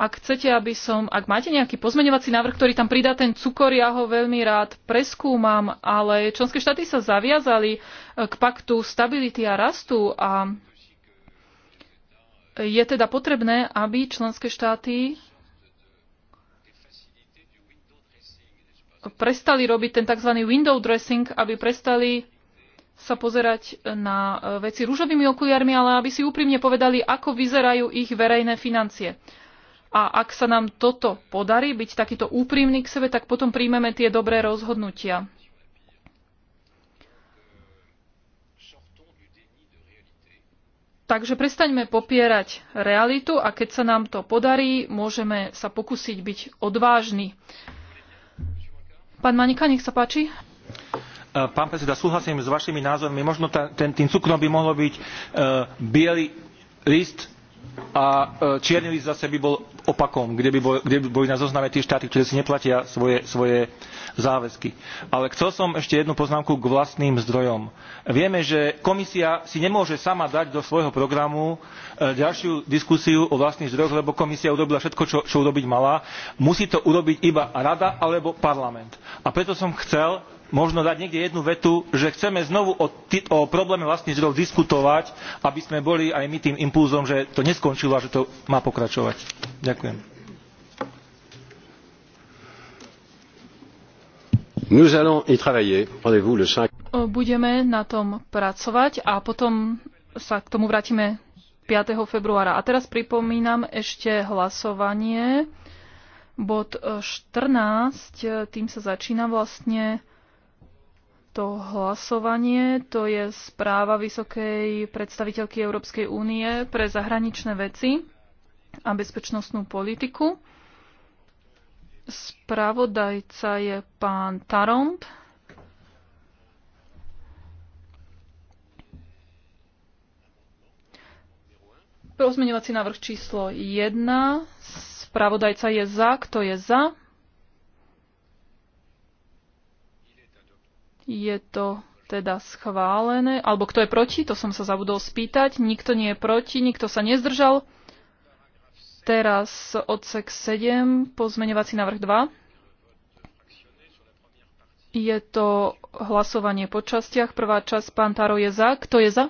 Ak chcete, aby som, ak máte nejaký pozmeňovací návrh, ktorý tam pridá ten cukor, ja ho veľmi rád preskúmam, ale členské štáty sa zaviazali eh, k paktu stability a rastu a je teda potrebné, aby členské štáty prestali robiť ten tzv. window dressing, aby prestali sa pozerať na e, veci rúžovými okuliarmi, ale aby si úprimne povedali, ako vyzerajú ich verejné financie. A ak sa nám toto podarí, byť takýto úprimný k sebe, tak potom príjmeme tie dobré rozhodnutia. Takže prestaňme popierať realitu a keď sa nám to podarí, môžeme sa pokúsiť byť odvážni. Pán Manika, nech sa páči. Eh, pán predseda, súhlasím s vašimi názormi. Možno ten, tým cukrom by mohlo byť eh, biely list a e, čierny list zase by bol opakom, kde by, bol, kde by boli na zozname tí štáty, ktoré si neplatia svoje, svoje záväzky. Ale chcel som ešte jednu poznámku k vlastným zdrojom. Vieme, že komisia si nemôže sama dať do svojho programu e, ďalšiu diskusiu o vlastných zdrojoch, lebo komisia urobila všetko, čo, čo urobiť mala. Musí to urobiť iba rada alebo parlament. A preto som chcel, možno dať niekde jednu vetu, že chceme znovu o, o probléme vlastných zdrojov diskutovať, aby sme boli aj my tým impulzom, že to neskončilo a že to má pokračovať. Ďakujem. Budeme na tom pracovať a potom sa k tomu vrátime 5. februára. A teraz pripomínam ešte hlasovanie. Bod 14, e, e, tým sa začína vlastne to hlasovanie. To je správa vysokej predstaviteľky Európskej únie pre zahraničné veci a bezpečnostnú politiku. Spravodajca je pán Tarond. Pozmeňovací návrh číslo 1. Spravodajca je za. Kto je za? Je to teda schválené. Alebo kto je proti? To som sa zabudol spýtať. Nikto nie je proti, nikto sa nezdržal. Teraz odsek 7, pozmeňovací návrh 2. Je to hlasovanie po častiach. Prvá časť, pán Taro je za. Kto je za?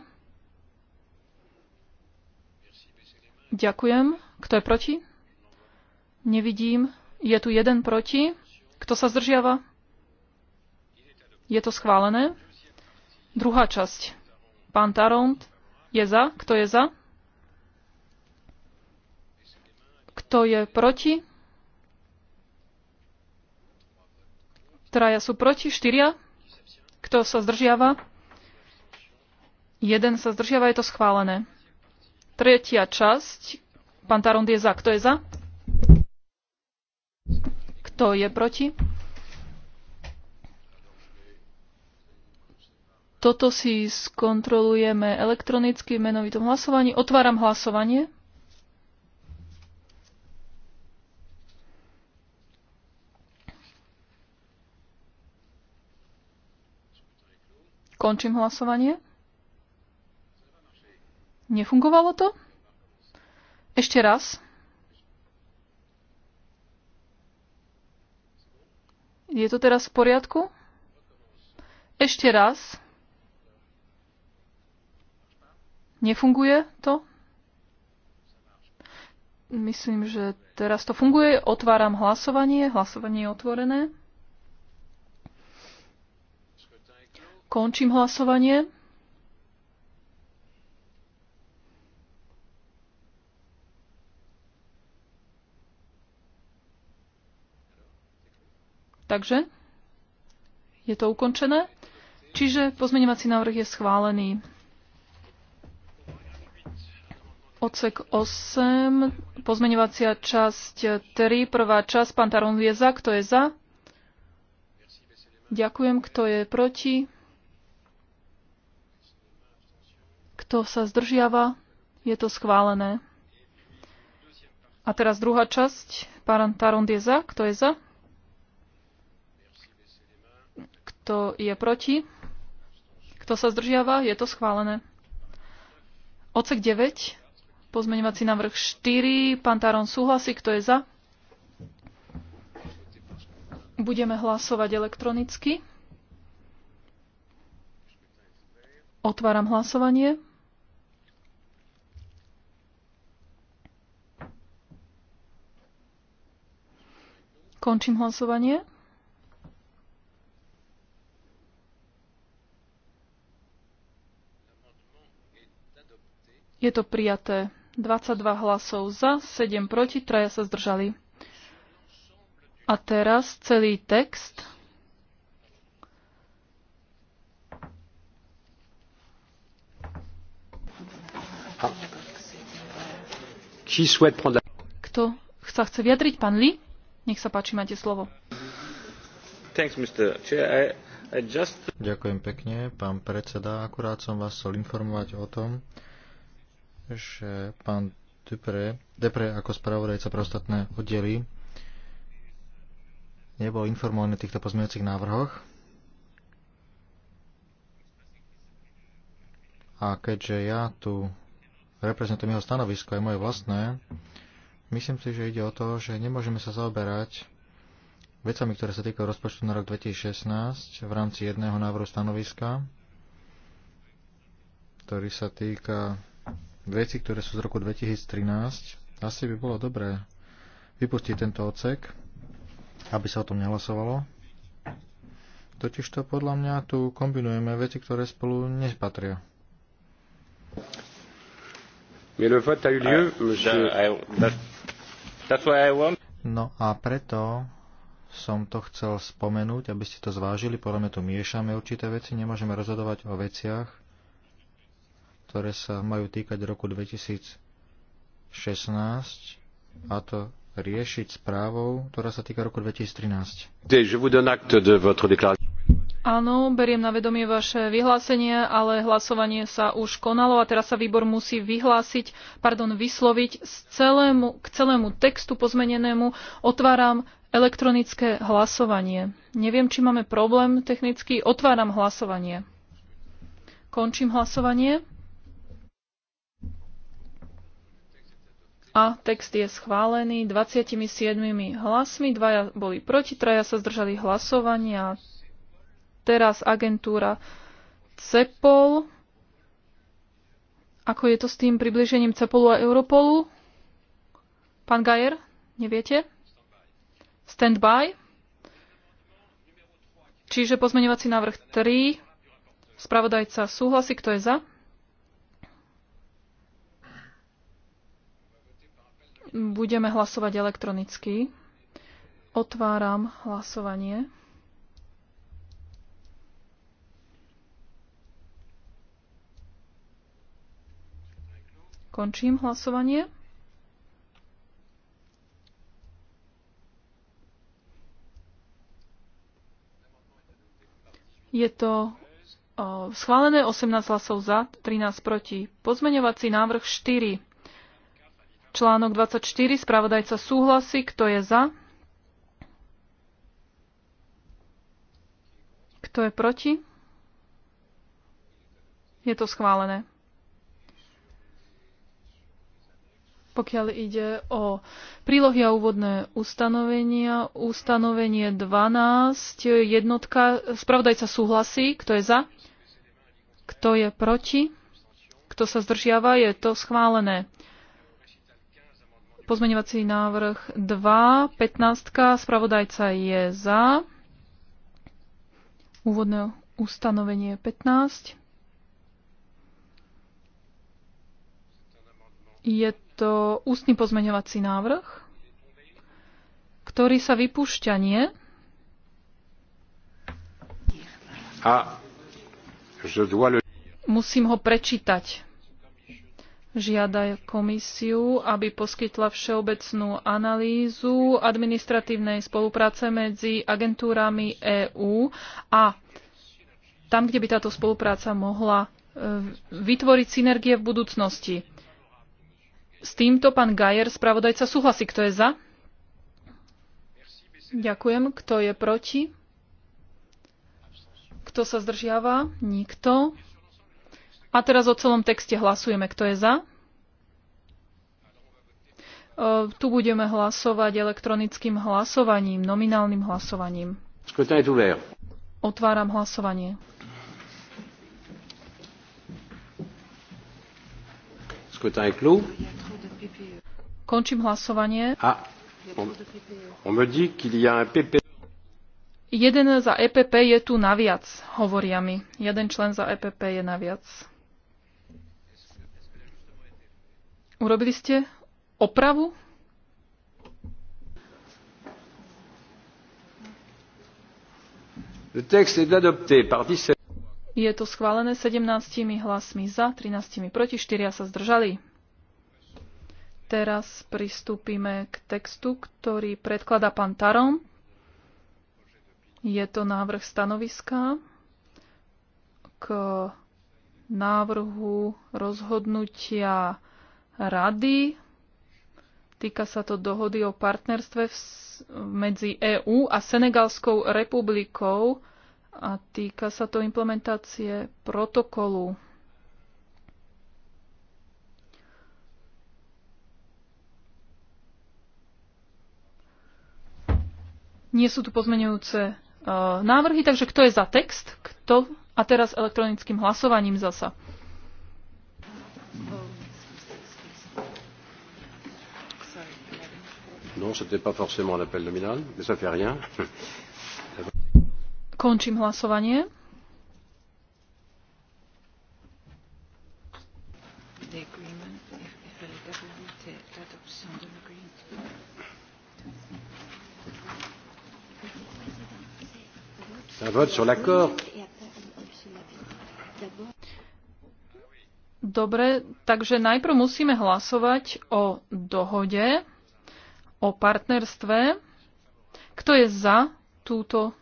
Ďakujem. Kto je proti? Nevidím. Je tu jeden proti. Kto sa zdržiava? Je to schválené? Druhá časť. Pán tarond je za. Kto je za? Kto je proti? Traja sú proti, štyria. Kto sa zdržiava? Jeden sa zdržiava, je to schválené. Tretia časť. Pán Tarond je za. Kto je za? Kto je proti? Toto si skontrolujeme elektronicky v menovitom hlasovaní. Otváram hlasovanie. Končím hlasovanie. Nefungovalo to? Ešte raz. Je to teraz v poriadku? Ešte raz. Nefunguje to? Myslím, že teraz to funguje. Otváram hlasovanie. Hlasovanie je otvorené. Končím hlasovanie. Takže je to ukončené. Čiže pozmeňovací návrh je schválený. Odsek 8, pozmeňovacia časť 3, prvá časť, pán Taron je za, kto je za? Ďakujem, kto je proti? Kto sa zdržiava? Je to schválené. A teraz druhá časť. Pán Tarond je za. Kto je za? Kto je proti? Kto sa zdržiava? Je to schválené. Ocek 9. Pozmeňovací návrh 4. Pán Taron súhlasí, kto je za? Budeme hlasovať elektronicky. Otváram hlasovanie. Končím hlasovanie. Je to prijaté. 22 hlasov za, 7 proti, traja sa zdržali. A teraz celý text. Kto sa chce vyjadriť? Pán Li? Nech sa páči, máte slovo. Ďakujem pekne, pán predseda. Akurát som vás chcel informovať o tom, že pán Depre, Depre ako spravodajca pre ostatné oddely nebol informovaný o týchto pozmeňujúcich návrhoch. A keďže ja tu reprezentujem jeho stanovisko, aj moje vlastné, myslím si, že ide o to, že nemôžeme sa zaoberať vecami, ktoré sa týkajú rozpočtu na rok 2016 v rámci jedného návrhu stanoviska, ktorý sa týka veci, ktoré sú z roku 2013. Asi by bolo dobré vypustiť tento odsek, aby sa o tom nehlasovalo. Totižto podľa mňa tu kombinujeme veci, ktoré spolu nepatria. Ah, no a preto som to chcel spomenúť, aby ste to zvážili. Podľa mňa tu miešame určité veci, nemôžeme rozhodovať o veciach, ktoré sa majú týkať roku 2016 a to riešiť správou, ktorá sa týka roku 2013. Áno, beriem na vedomie vaše vyhlásenie, ale hlasovanie sa už konalo a teraz sa výbor musí vyhlásiť, pardon, vysloviť z celému, k celému textu pozmenenému. Otváram elektronické hlasovanie. Neviem, či máme problém technicky. Otváram hlasovanie. Končím hlasovanie. a text je schválený 27 hlasmi, dvaja boli proti, traja sa zdržali hlasovania. Teraz agentúra CEPOL. Ako je to s tým približením CEPOLu a Europolu? Pán Gajer, neviete? Standby. Čiže pozmeňovací návrh 3. Spravodajca súhlasí, kto je za? Budeme hlasovať elektronicky. Otváram hlasovanie. Končím hlasovanie. Je to schválené 18 hlasov za, 13 proti. Pozmeňovací návrh 4. Článok 24, spravodajca súhlasí, kto je za? Kto je proti? Je to schválené. Pokiaľ ide o prílohy a úvodné ustanovenia, ustanovenie 12, jednotka, spravodajca súhlasí, kto je za, kto je proti, kto sa zdržiava, je to schválené. Pozmeňovací návrh 2, 15. Spravodajca je za. Úvodné ustanovenie 15. Je to ústny pozmeňovací návrh, ktorý sa vypúšťa, nie? A, Musím ho prečítať žiada komisiu, aby poskytla všeobecnú analýzu administratívnej spolupráce medzi agentúrami EÚ a tam, kde by táto spolupráca mohla e, vytvoriť synergie v budúcnosti. S týmto pán Gajer, spravodajca, súhlasí. Kto je za? Ďakujem. Kto je proti? Kto sa zdržiava? Nikto. A teraz o celom texte hlasujeme. Kto je za? Tu budeme hlasovať elektronickým hlasovaním, nominálnym hlasovaním. Otváram hlasovanie. Končím hlasovanie. Ah, on me dit qu'il y a un PP. Jeden za EPP je tu naviac, hovoria mi. Jeden člen za EPP je naviac. Urobili ste opravu? Je to schválené 17 hlasmi za, 13 proti, 4 sa zdržali. Teraz pristúpime k textu, ktorý predklada pán Tarom. Je to návrh stanoviska k návrhu rozhodnutia rady. Týka sa to dohody o partnerstve medzi EÚ a Senegalskou republikou a týka sa to implementácie protokolu. Nie sú tu pozmenujúce e, návrhy, takže kto je za text? Kto? A teraz elektronickým hlasovaním zasa. Non, c'était pas forcément l'appel nominal, mais ça fait rien. Končím hlasovanie. Un vote sur l'accord. Dobre, takže najprv musíme hlasovať o dohode o partnerstve. Kto je za túto,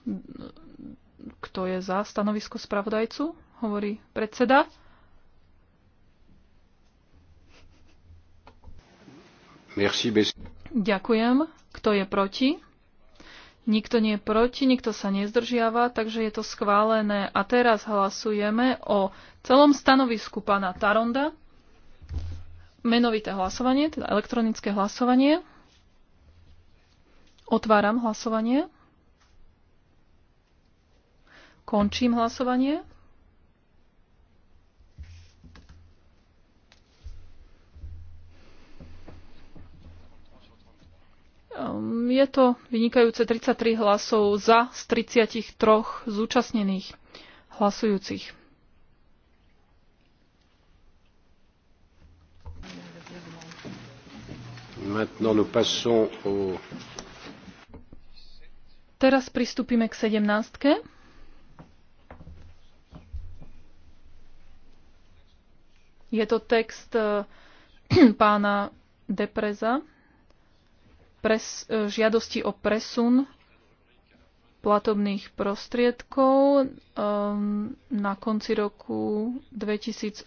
kto je za stanovisko spravodajcu, hovorí predseda. Merci, Ďakujem. Kto je proti? Nikto nie je proti, nikto sa nezdržiava, takže je to schválené. A teraz hlasujeme o celom stanovisku pána Taronda. Menovité hlasovanie, teda elektronické hlasovanie. Otváram hlasovanie. Končím hlasovanie. Ehm, je to vynikajúce 33 hlasov za z 33 zúčastnených hlasujúcich. Maintenant nous passons au Teraz pristúpime k sedemnástke. Je to text eh, pána Depreza, pres, eh, žiadosti o presun platobných prostriedkov ehm, na konci roku 2014.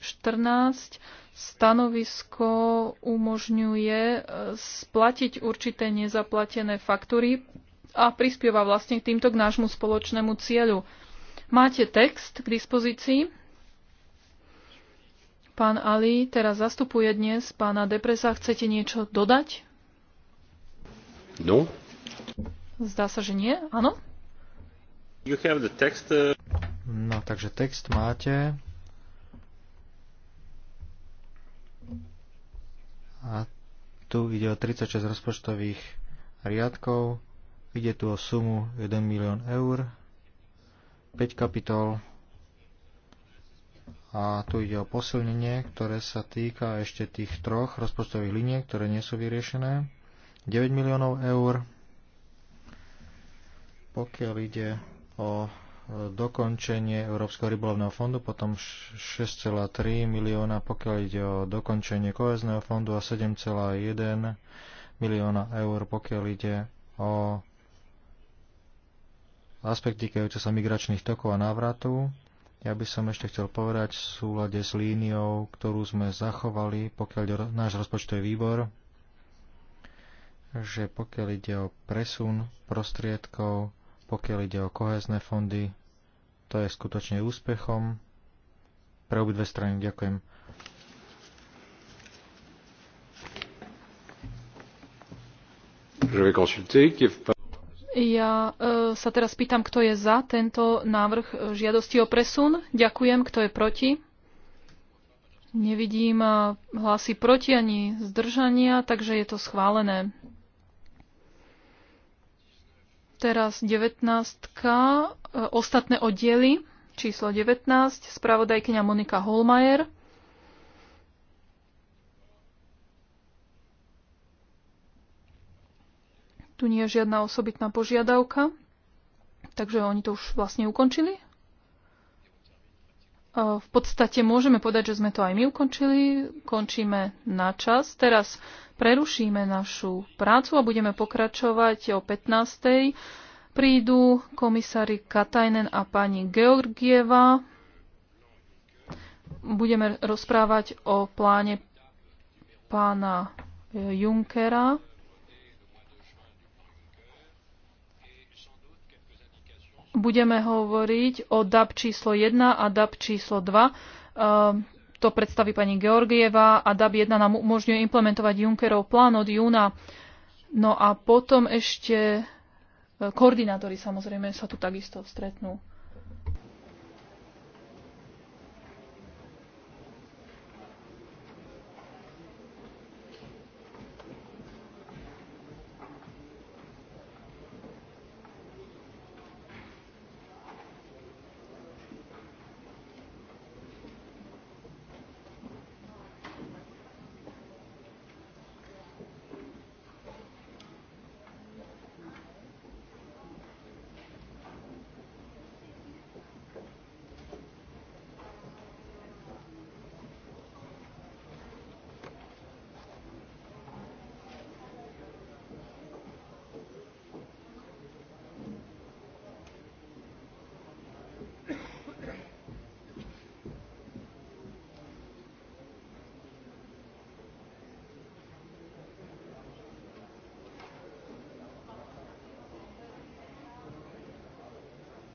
Stanovisko umožňuje eh, splatiť určité nezaplatené faktúry a prispieva vlastne k týmto k nášmu spoločnému cieľu. Máte text k dispozícii. Pán Ali teraz zastupuje dnes pána Depresa. Chcete niečo dodať? No. Zdá sa, že nie. Áno? You have the text, uh... No, takže text máte. A tu ide o 36 rozpočtových riadkov Ide tu o sumu 1 milión eur, 5 kapitol a tu ide o posilnenie, ktoré sa týka ešte tých troch rozpočtových liniek, ktoré nie sú vyriešené. 9 miliónov eur, pokiaľ ide o dokončenie Európskeho rybolovného fondu, potom 6,3 milióna, pokiaľ ide o dokončenie kohezného fondu a 7,1 milióna eur, pokiaľ ide o aspekt týkajúce sa migračných tokov a návratov. Ja by som ešte chcel povedať v súlade s líniou, ktorú sme zachovali, pokiaľ náš rozpočtový výbor, že pokiaľ ide o presun prostriedkov, pokiaľ ide o kohezné fondy, to je skutočne úspechom. Pre obidve strany ďakujem. Je vais consulter qui est ja e, sa teraz pýtam, kto je za tento návrh e, žiadosti o presun. Ďakujem, kto je proti. Nevidím e, hlasy proti ani zdržania, takže je to schválené. Teraz 19. E, ostatné oddiely, číslo 19, spravodajkyňa Monika Holmajer. Tu nie je žiadna osobitná požiadavka, takže oni to už vlastne ukončili. V podstate môžeme povedať, že sme to aj my ukončili. Končíme na čas. Teraz prerušíme našu prácu a budeme pokračovať o 15. Prídu komisári Katajnen a pani Georgieva. Budeme rozprávať o pláne pána Junkera budeme hovoriť o DAB číslo 1 a DAB číslo 2. Ehm, to predstaví pani Georgieva a DAB 1 nám umožňuje implementovať Junckerov plán od júna. No a potom ešte e, koordinátori samozrejme sa tu takisto stretnú.